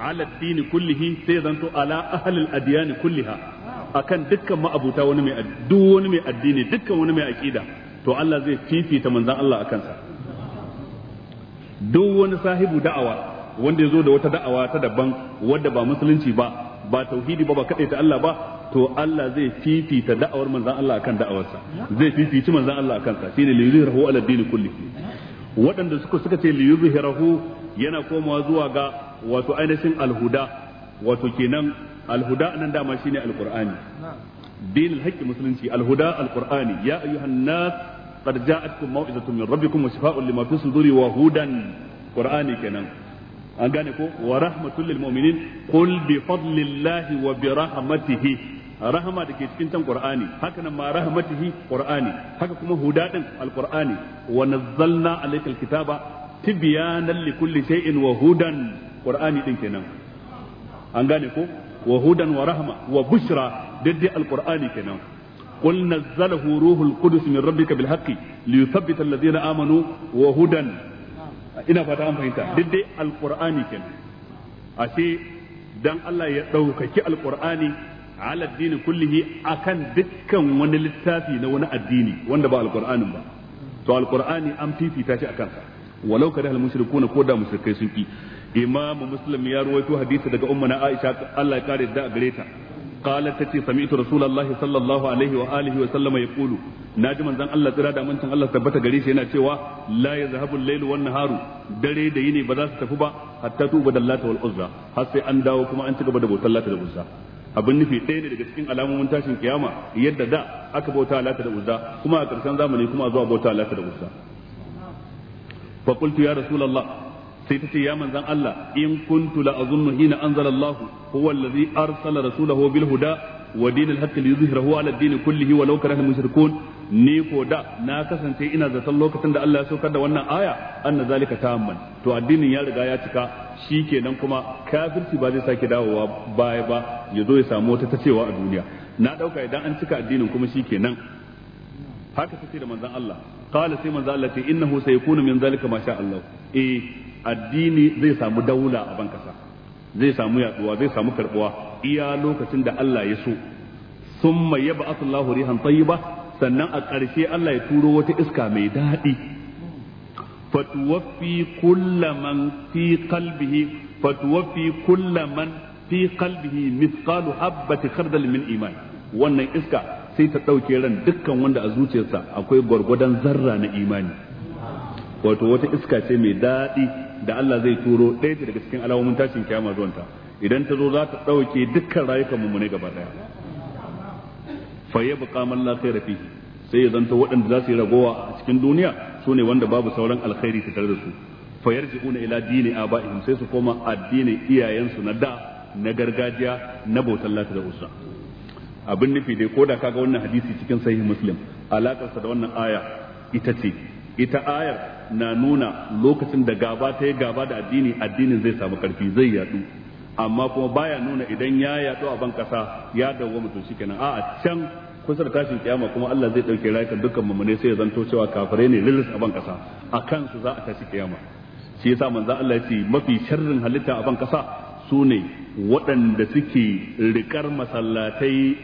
ala dini kullihi sai zanto ala ahlil adyani kulliha akan dukkan ma'abuta wani mai duk wani mai addini dukkan wani mai aqida to Allah zai fifita manzon Allah akan sa duk wani sahibu da'awa wanda yazo da wata da'awa ta daban wadda ba musulunci ba ba tauhidi ba ba kadai ta Allah ba to Allah zai fifita da'awar manzon Allah akan da'awarsa zai fifita manzon Allah akan sa shine li yuzhirahu ala dini kullihi waɗanda suka suka ce li yuzhirahu yana komawa zuwa ga wato ainihin alhuda wato kenan alhuda nan dama shine alqur'ani din alhaqqi musulunci alhuda alqur'ani ya ayyuhan nas qad ja'atkum maw'izatun min rabbikum wa shifaa'un lima fi suduri wa hudan qur'ani kenan an gane ko wa rahmatul lil mu'minin qul bi fadlillahi wa bi rahmatihi rahama da ke cikin tan qur'ani haka nan ma rahmatihi qur'ani haka kuma huda din alqur'ani wa nazzalna alaykal kitaba tibyanan likulli shay'in wa hudan qur'ani din kenan an gane ko wa hudan wa rahma wa bushra daddi alqur'ani kenan qul ruhul qudus min rabbika bil haqqi li amanu wa ina fata an fahimta kenan ashe dan Allah ya daukaki alqur'ani ala addini kullihi akan dukkan wani littafi na wani addini wanda ba alqur'anin ba to alqur'ani an fifita walau karihal mushrikuna ko da mushrikai sun ki imamu muslim ya ruwaito hadisi daga ummuna aisha Allah ya kare da gare ta قالت تتي سمعت رسول الله صلى الله عليه واله وسلم يقول ناجي منزان الله tsira da mantan Allah tabbata gare yana cewa la yazhabu al-lailu wan haru. dare da yini ba za su tafi ba hatta tuba dallata wal uzza har sai an dawo kuma an ci gaba da bautar lata da abin nufi ɗaya ne daga cikin alamomin tashin kiyama yadda da aka bauta lata da uzza kuma a ƙarshen zamani kuma a zuwa bauta da uzza fa qultu ya rasulullah sai ta ce ya manzan Allah in kuntu la na hina anzala Allah huwa allazi arsala rasulahu bil huda wa dinil haqq liyuzhirahu ala ad-din kullihi walau karaha mushrikun ni ko da na kasance ina zaton lokacin da Allah ya saukar da wannan aya anna zalika tamman to addinin ya riga ya cika shi kenan kuma kafirci ba zai sake dawowa baya ba ya zo ya samu wata ta cewa a duniya na ɗauka idan an cika addinin kuma shi kenan haka tace da manzan Allah qala sai manzo Allah ce innahu sayakunu min zalika ma sha eh addini zai samu daula a bankasa zai samu yaduwa zai samu karbuwa iya lokacin da Allah ya so summa yab'athu Allahu rihan tayyiba sannan a ƙarshe Allah ya turo wata iska mai daɗi fatuwaffi kullaman fi qalbihi fatuwaffi kullaman fi qalbihi mithqalu habati khardal min iman wannan iska sai ta ɗauke ran dukkan wanda a zuciyarsa akwai gwargwadon zarra na imani wato wata iska ce mai daɗi da Allah zai turo ɗaya daga cikin alamomin tashin kiyama zuwanta idan ta zo za ta ɗauke dukkan rayukan mummune gaba ɗaya fa ya buƙa man la sai ya zanta waɗanda za su yi ragowa a cikin duniya su ne wanda babu sauran alkhairi tare da su fa una ila dini aba'ihim sai su koma addinin iyayensu na da na gargajiya na bautan lata da usa abin nufi dai ko da kaga wannan hadisi cikin sahih muslim alakarsa da wannan aya ita ce ita ayar na nuna lokacin da gaba ta yi gaba da addini addinin zai samu karfi zai yadu amma kuma baya nuna idan ya yadu a ban kasa ya dawo mutum shikenan a'a can kusa da tashin kiyama kuma Allah zai dauke rayukan dukkan mamune sai ya zanto cewa kafirai ne lilis a ban kasa a kansu za a tashi kiyama shi yasa manzo Allah ya ce mafi sharrin halitta a ban kasa su ne waɗanda suke rikar masallatai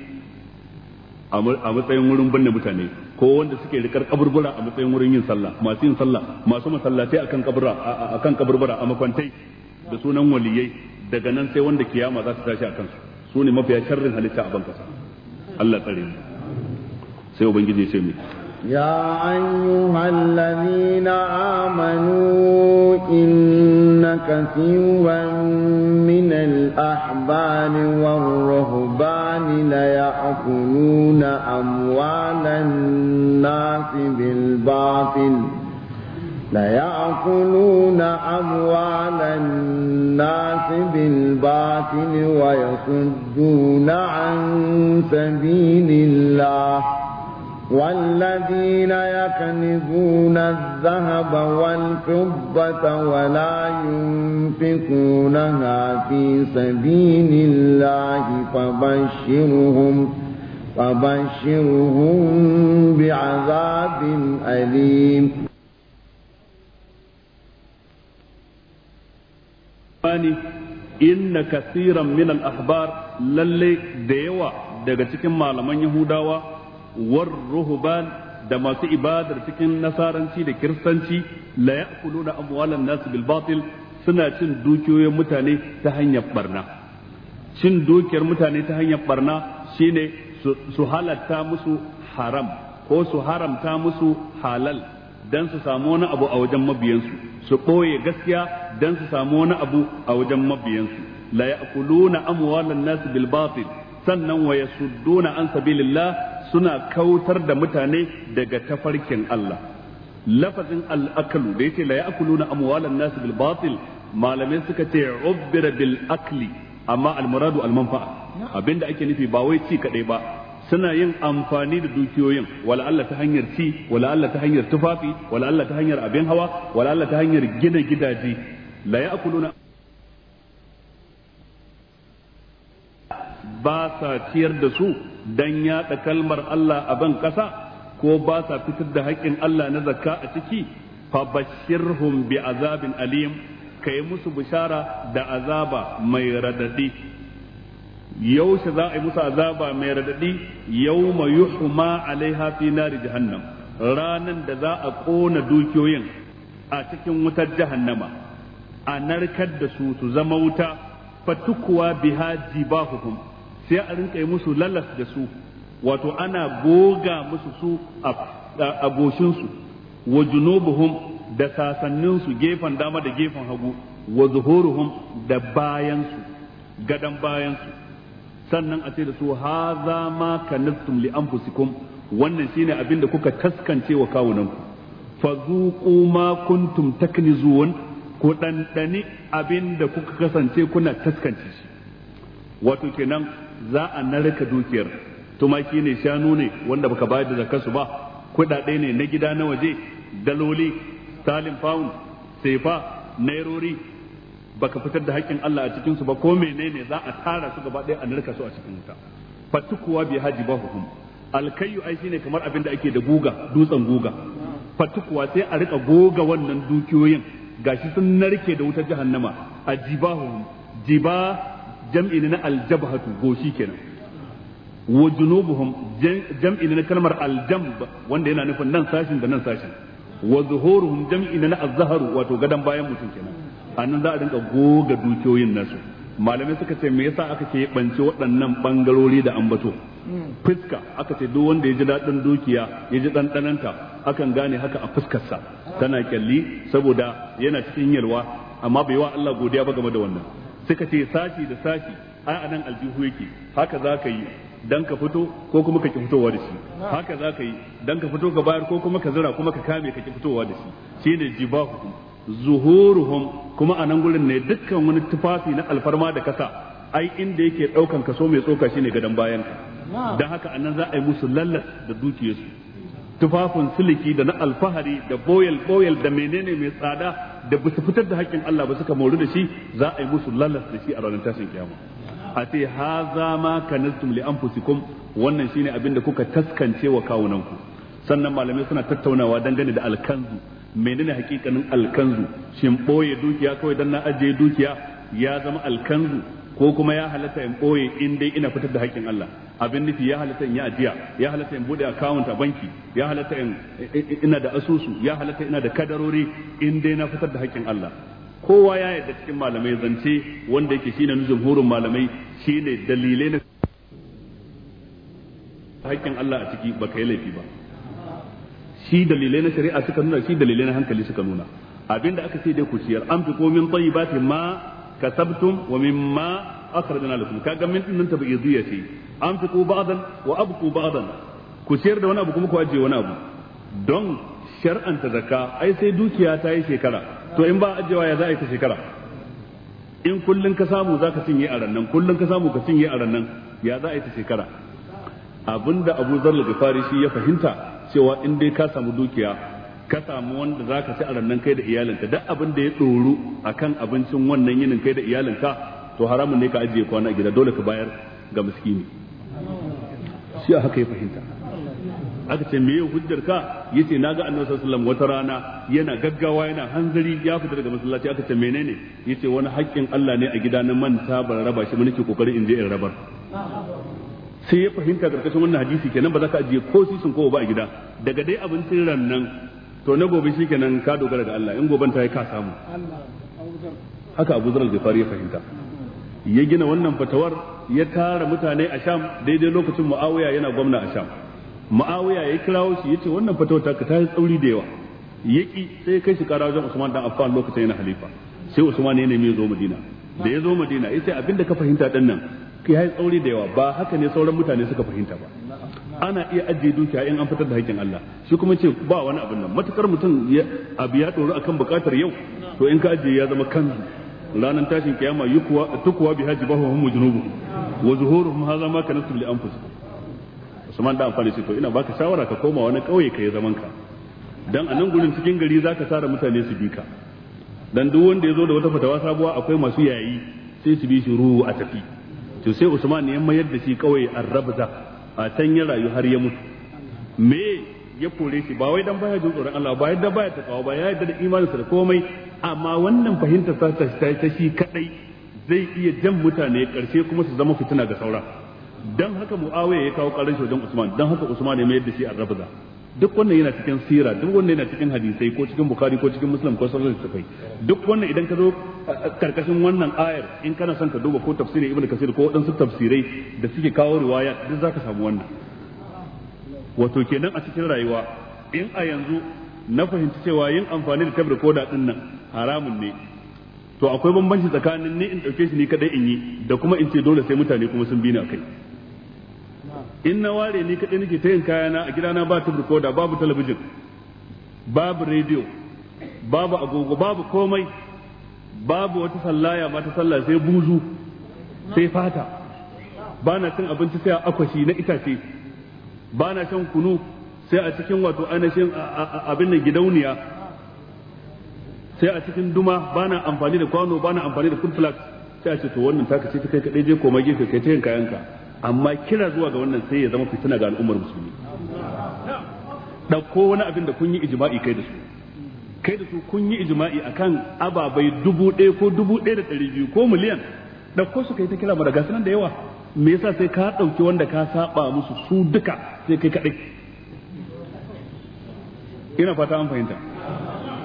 a matsayin wurin binne mutane ko wanda suke rikar kaburbura a matsayin wurin yin sallah masu yin sallah masu masallatai akan kaburbura akan kaburbura a makwantai da sunan waliyai daga nan sai wanda kiyama za su tashi a kansu su ne mafiya sharrin halitta a bankasa Allah tsare mu sai ubangiji ya ce mu يا أيها الذين آمنوا كثيرا من الأحبار والرهبان ليأكلون أموال الناس بالباطل ليأكلون أموال الناس بالباطل ويصدون عن سبيل الله والذين يكنزون الذهب والفضة ولا ينفقونها في سبيل الله فبشرهم فبشرهم بعذاب أليم إن كثيرا من الأحبار للي ديوة daga cikin malaman Yahudawa war da masu ibadar cikin nasaranci da kiristanci la ya'kuluna amwalan nas bil batil suna cin dukiyoyin mutane ta hanyar barna cin dukiyar mutane ta hanyar barna shine su halatta musu haram ko su haramta musu halal dan su samu wani abu a wajen mabiyansu su ɓoye gaskiya dan su samu wani abu a wajen mabiyansu la ya'kuluna amwalan nas bil batil sannan wa yasudduna an sabilillah suna kautar da mutane daga tafarkin Allah lafazin al-aklu da yake la ya'kuluna amwalan nas bil batil malamai suka ce ubbira bil akli amma al-muradu al-manfa'a abinda ake nufi ba wai ci kadai ba suna yin amfani da dukiyoyin wala Allah ta hanyar ci wala Allah ta hanyar tufafi wala Allah ta hanyar abin hawa wala Allah ta hanyar gina gidaje la ya'kuluna ba sa ciyar da su dan yaɗa kalmar Allah a ban ƙasa ko ba sa fitar da haƙƙin Allah na zakka a ciki fa bashirhum bi azabin alim kai musu bishara da azaba mai radadi yaushe za a yi musu azaba mai radadi ma yuhma alaiha na nari jahannam ranan da za a ƙona dukiyoyin a cikin wutar jahannama a narkar da su su zama wuta fatukuwa biha jibahuhum sai a rinka yi musu lalas da su wato ana goga musu su a goshinsu wa junubuhum da sasanninsu gefen dama da gefen hagu wa zuhuruhum da bayansu gadan bayansu sannan a ce da su haza ma kanastum li anfusikum wannan shine abin da kuka taskance wa kawunanku fa fazuqu ma kuntum taknizun ku dandani abin da kuka kasance kuna taskance shi wato kenan za a narka dukiyar tumaki ne shanu ne wanda baka bayar da zakarsu ba kuɗaɗe ne na gida na waje daloli salim pound sefa nairori baka fitar da haƙƙin Allah a cikin ba ko menene za a tara su gaba ɗaya a narka su a cikin wuta fatukuwa bi hukum alkayu ai shine kamar abin da ake da guga dutsen guga fatukuwa sai a rika goga wannan dukiyoyin gashi sun narke da wutar jahannama ajibahuhum jiba jam'i ne na aljabhatu goshi kenan wa junubuhum jam'i ne na kalmar aljamb wanda yana nufin nan sashin da nan sashin wa zuhuruhum jam'i ne na azharu wato gadan bayan mutum kenan anan za a dinka goga dukiyoyin nasu malamai suka ce me yasa aka ce banci waɗannan bangarori da ambato fuska aka ce duk wanda ya ji daɗin dukiya ya ji ɗanɗananta akan gane haka a fuskarsa tana kyalli saboda yana cikin yalwa amma bai wa Allah godiya ba game da wannan suka ce sashi da sashi a anan aljihu yake haka za ka yi dan ka fito ko kuma ka ki fitowa da shi haka za ka yi dan ka fito ka bayar ko kuma ka zira kuma ka kame ka ki fitowa da shi shine jibahuhum zuhuruhum kuma a nan gurin ne dukkan wani tufafi na alfarma da kasa ai inda yake daukan kaso mai tsoka shine gadan bayan ka dan haka anan za a yi musu lallas da dukiyarsu tufafin siliki da na alfahari da boyel boyel da menene mai tsada da ba su fitar da haƙƙin Allah ba suka mori da shi za a yi musu lalas da shi a ranar tashin kiyama a ce haza ma kanastum li anfusikum wannan shine abin da kuka taskance wa kawunanku sannan malamai suna tattaunawa dangane da alkanzu menene hakikanin alkanzu shin boye dukiya kawai dan na ajiye dukiya ya zama alkanzu ko kuma ya halatta in boye in dai ina fitar da haƙƙin Allah abin nufi ya halatta in yi ajiya ya halatta in bude account a banki ya halatta in ina da asusu ya halatta ina da kadarori in dai na fitar da haƙƙin Allah kowa ya yarda cikin malamai zance wanda yake shine nuzul hurun malamai shine dalilai na haƙƙin Allah a ciki baka yi laifi ba shi dalilai na shari'a suka nuna shi dalilai na hankali suka nuna abinda aka ce dai ku ciyar an fi komin tayyibati ma kasabtum wa mimma akhrajna lakum kaga min wa abqu ba'dan ku ciyar da wani abu kuma ku ajiye wani abu don shar'anta zakka ai sai dukiya ta yi shekara to in ba ajewa ya za a yi ta shekara in kullun ka samu za ka cinye a rannan kullun ka samu ka cinye a ya za a yi ta shekara abinda Abu Zar al shi ya fahimta cewa in dai ka samu dukiya ka samu wanda za ka ci a rannan kai da iyalinka da abin da ya tsoro kan abincin wannan yinin kai da iyalinka to haramun ne ka ajiye kwana a gida dole ka bayar ga miskini shi a haka ya fahimta aka ce me hujjar ka yace na annabi sallallahu alaihi wata rana yana gaggawa yana hanzari ya fita daga masallaci aka ce menene yace wani haƙƙin Allah ne a gida na manta ban raba shi mun ke kokari in je in rabar sai ya fahimta karkashin wannan hadisi kenan ba za ka ajiye ko sisin ko ba a gida daga dai abincin rannan to na gobe shikenan ka dogara ga Allah in goben ta yi ka samu haka Abu Zar al-Ghifari ya fahimta ya gina wannan fatawar ya tara mutane a Sham daidai lokacin Muawiya yana gwamna a Sham Muawiya ya kirawo shi yace wannan fatawar ta ta yi tsauri da yawa yaki sai kai shi kara wajen Usman dan Affan lokacin yana halifa sai Usman ne nemi zo Madina da ya zo Madina yace abinda ka fahimta dan nan kai tsauri da yawa ba haka ne sauran mutane suka fahimta ba ana iya ajiye dukiya in an fitar da haƙƙin Allah shi kuma ce ba wani abin nan matukar mutum a ya tsoro akan bukatar yau to in ka ajiye ya zama kan ranar tashin kiyama yukuwa tukwa bi haji bahu hum junubu wa zuhuruhum hadha ma kanastum li Usman da amfani ce to ina baka shawara ka koma wani kauye ka yi zaman ka dan a nan gurin cikin gari zaka tara mutane su bi ka dan duk wanda ya zo da wata fatawa sabuwa akwai masu yayi sai su bi shi ruhu a tafi to sai Usman ne ya mayar da shi kauye arrabza a can ya rayu har ya mutu me ya kore shi ba wai dan baya jin tsoron Allah ba yadda baya takawa ba ya yarda da imaninsa da komai amma wannan fahimtar sa ta shi kadai zai iya jan mutane karshe kuma su zama fitina ga saura dan haka Muawiya ya kawo karin shi wajen Usman don haka Usman ya mayar da shi arrabza duk wannan yana cikin sira duk wannan yana cikin hadisai ko cikin bukari ko cikin muslim ko sauran littafai duk wannan idan ka zo karkashin wannan ayar in kana son ka duba ko tafsirin ibnu kasir ko wadansu tafsirai da suke kawo riwaya duk zaka samu wannan wato kenan a cikin rayuwa in a yanzu na fahimci cewa yin amfani da tabir koda din nan haramun ne to akwai bambanci tsakanin ni in dauke shi ni kadai in yi da kuma in ce dole sai mutane kuma sun bi ni akai in na ware ni kaɗai nake ta yin kayana a gidana ba ta rikoda babu talabijin babu rediyo babu agogo babu komai babu wata sallaya ma ta sallah sai buzu sai fata ba na cin abinci sai a akwashi na itace ba na shan kunu sai a cikin wato ainihin abin da gidauniya sai a cikin duma ba na amfani da kwano ba na amfani da food sai a ce to wannan taka ce ta kai kaɗai je koma gefe kai ta yin kayanka amma kira zuwa ga wannan sai ya zama fitina ga al'ummar musulmi ɗauko wani abin da kun yi ijma'i kai da su kai da su kun yi ijma'i akan ababai dubu ɗaya ko dubu ɗaya da ɗari biyu ko miliyan ɗauko su kai ta kira mara gasu nan da yawa me yasa sai ka ɗauki wanda ka saba musu su duka sai kai kaɗai ina fata an fahimta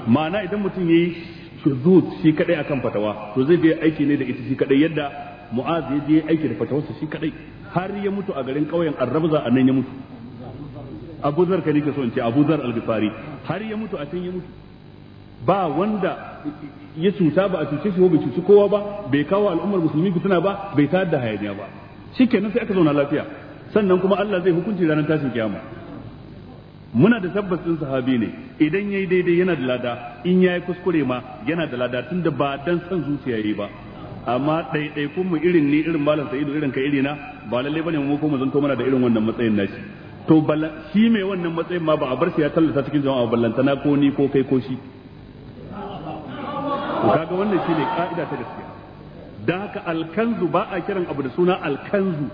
ma'ana idan mutum ya yi shuzut shi kaɗai akan fatawa to zai je aiki ne da ita shi kaɗai yadda mu'az ya je aiki da fatawarsa shi kaɗai har ya mutu a garin ƙauyen arrabza a nan ya mutu abu zar ka nike so in ce abu zar har ya mutu a can ya mutu ba wanda ya cuta ba a cuce shi ko bai cuci kowa ba bai kawo al'ummar musulmi fitina ba bai tayar da hayaniya ba shikenan sai aka zauna lafiya sannan kuma Allah zai hukunci ranar tashin kiyama muna da tabbas din sahabi ne idan yayi daidai yana da lada in yayi kuskure ma yana da lada tunda ba dan san zuciya yayi ba amma ɗaiɗaikun mu irin ni irin malam sa'idu irin ka irina ba lalle bane mu ko mu zanto mana da irin wannan matsayin nashi to Bala shi mai wannan matsayin ma ba a bar shi ya tallata cikin jama'a ballantana ko ni ko kai ko shi kaga wannan shine ka'ida ta gaskiya da haka alkanzu ba a kiran abu da suna alkanzu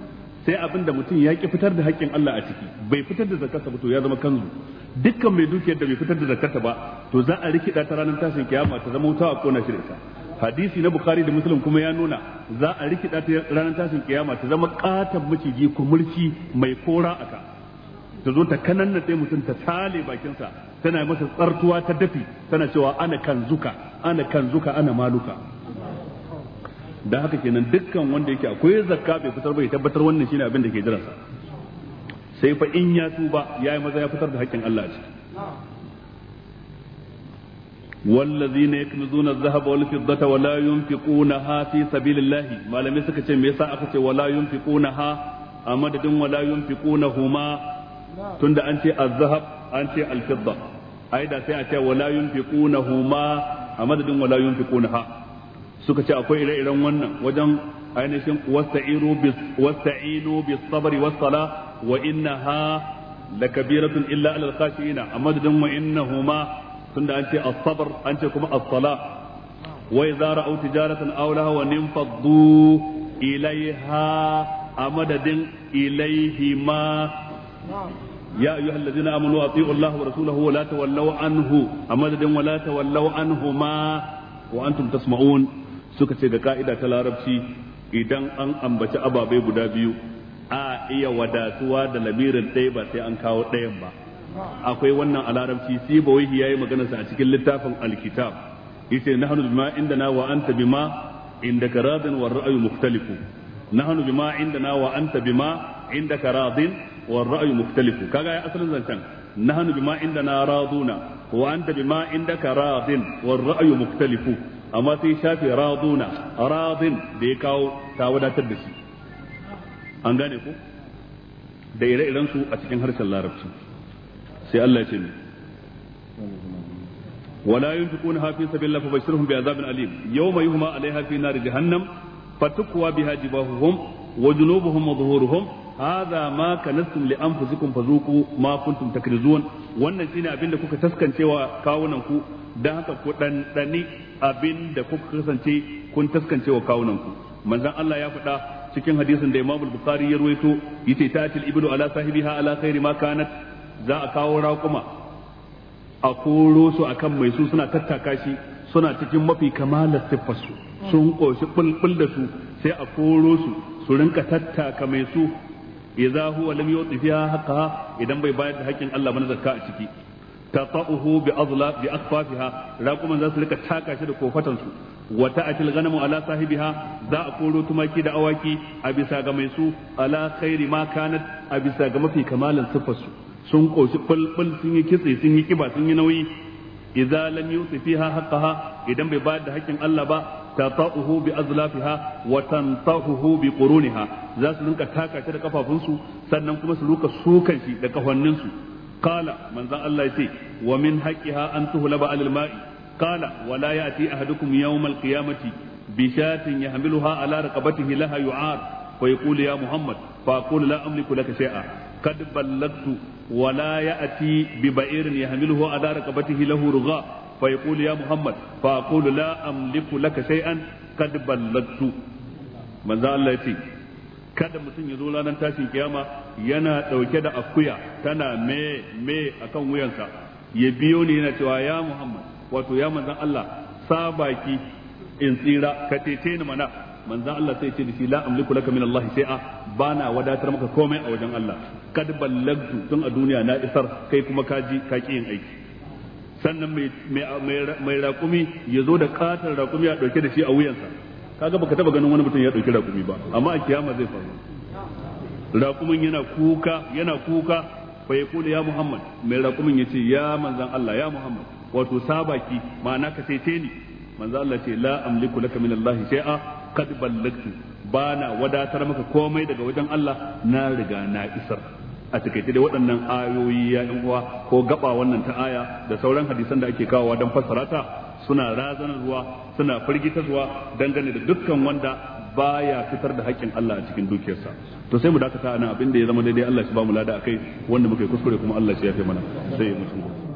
sai abin da mutum ya ki fitar da haƙƙin Allah a ciki bai fitar da zakarsa ba to ya zama kanzu dukkan mai dukiyar da bai fitar da zakarsa ba to za a rikida ta ranar tashin kiyama ta zama wuta a kona shi hadisi na bukhari da muslim kuma ya nuna za a rikida ta ranar tashin kiyama ta zama katon maciji kumurci mai kora aka ta zo ta kananna sai mutum ta tale bakinsa tana masa tsartuwa ta dafi tana cewa ana kanzuka ana kanzuka ana maluka da haka kenan dukkan wanda yake akwai zakka bai fitar bai tabbatar wannan shine abin da ke jiransa sai fa in ya tuba ya yi maza ya fitar da haƙƙin Allah a ciki والذين يكنزون الذهب والفضة ولا ينفقونها في سبيل الله ما لم يسكت me yasa aka ce wala yunfiqunaha a madadin wala yunfiqunahuma tunda an ce az-zahab an ce al-fidda ai da sai a ce wala yunfiqunahuma a madadin wala yunfiqunaha suka ce akwai ire-iren wannan wajen ainihin wasta'inu bis wa illa alal a madadin tunda an ce as-sabr an ce kuma as-sala wa idza ra'aw tijaratan aw lahwa ninfaddu ilaiha a madadin ilaihima يا أيها الذين wa أطيعوا الله ورسوله ولا تولوا عنه أمدد anhu ma. عنهما وأنتم تسمعون suka ce da ka'ida ta larabci idan an ambaci ababai guda biyu a iya wadatuwa da lamirin ɗaya ba sai an kawo ɗayan ba akwai wannan a larabci ya yayi magana sa a cikin littafin alkitab yace nahnu bima indana wa anta bima indaka radin wa ra'yu mukhtalifu nahnu bima indana wa anta bima indaka radin wa ra'yu mukhtalifu kaga ya asalin zancen nahnu bima indana raduna wa anta bima indaka radin wa ra'yu mukhtalifu amma sai shafi raduna radin da ya kawo ta wadatar da shi an gane ko da ire su a cikin harshen larabci sai Allah ya ce ne wala yunfiqun hafi sabilillah fa bashirhum bi'adabin alim yawma yuhma 'alayha fi nar jahannam fatukwa biha jibahuhum wa junubuhum wa dhuhuruhum hadha ma kanastum li anfusikum fazuqu ma kuntum takrizun wannan shine abinda kuka taskancewa kawunan ku dan haka ku dani abinda kuka kasance kun taskancewa kawunan ku manzon Allah ya faɗa cikin hadisin da Imam Bukhari ya ruwaito yace tatil ibnu ala sahibiha ala khairi ma kanat za a kawo raƙuma a koro su a kan mai su suna tattaka shi suna cikin mafi kamalar siffarsu sun ƙoshi ɓulɓul da su sai a koro su su rinka tattaka mai su ya a huwa lam yuti haka idan bai bayar da haƙƙin Allah mana na zakka a ciki tata'uhu bi azla bi akhfafiha raquman za su rika taka shi da kofatan su wa ta'atil ghanamu ala sahibiha za a koro tumaki da awaki a bisa ga mai su ala khairi ma kanat a bisa ga mafi kamalan siffarsu su sun koshi bulbul sun yi kitse sun yi kiba sun yi nauyi idza lam yusi fiha haqqaha idan bai bayar da haƙƙin Allah ba tata'uhu bi azlafiha wa tantahuhu bi quruniha za su rinka taka shi da kafafunsu sannan kuma su ruka sukan shi da kafanninsu qala manzon Allah ce wa min haqqiha an tuhlaba alal ma'i qala wa la ya'ti ahadukum yawm al qiyamati bi shatin yahmiluha ala raqabatihi laha yu'ar fa yaqulu ya muhammad fa aqulu la amliku laka shay'a kad ballagtu wala ya'ti bi ba'irin yahmiluhu ala raqabatihi lahu rugha fa yaqulu ya muhammad fa aqulu kada mutum ya zo ranar tashin kiyama yana dauke da akuya tana me akan wuyansa ya biyo ne yana cewa wato ya Allah sa baki in tsira mana manzan Allah sai ce da shi la amliku laka min Allah shay'a bana wadatar maka komai a wajen Allah kad ballagtu tun a duniya na isar kai kuma ka ji ka ki yin aiki sannan mai mai raƙumi ya zo da katar raƙumi ya dauke da shi a wuyansa kaga baka taba ganin wani mutum ya dauki raƙumi ba amma a kiyama zai faru raƙumin yana kuka yana kuka fa yaqulu ya Muhammad mai raƙumin yace ya manzan Allah ya Muhammad wato sabaki ma'ana ka sai ni manzo Allah ce la amliku laka min Allah shay'a qad ballagtu na wadatar maka komai daga wajen Allah na riga na isar a takaice da waɗannan ayoyi ya uwa ko gaba wannan ta aya da sauran hadisan da ake kawowa don fassara ta suna razanarwa suna firgitarwa dangane da dukkan wanda baya fitar da haƙƙin Allah a cikin dukiyarsa to sai mu dakata nan abin da ya zama daidai Allah shi ba mu lada akai wanda muke kuskure kuma Allah shi ya fi mana sai mu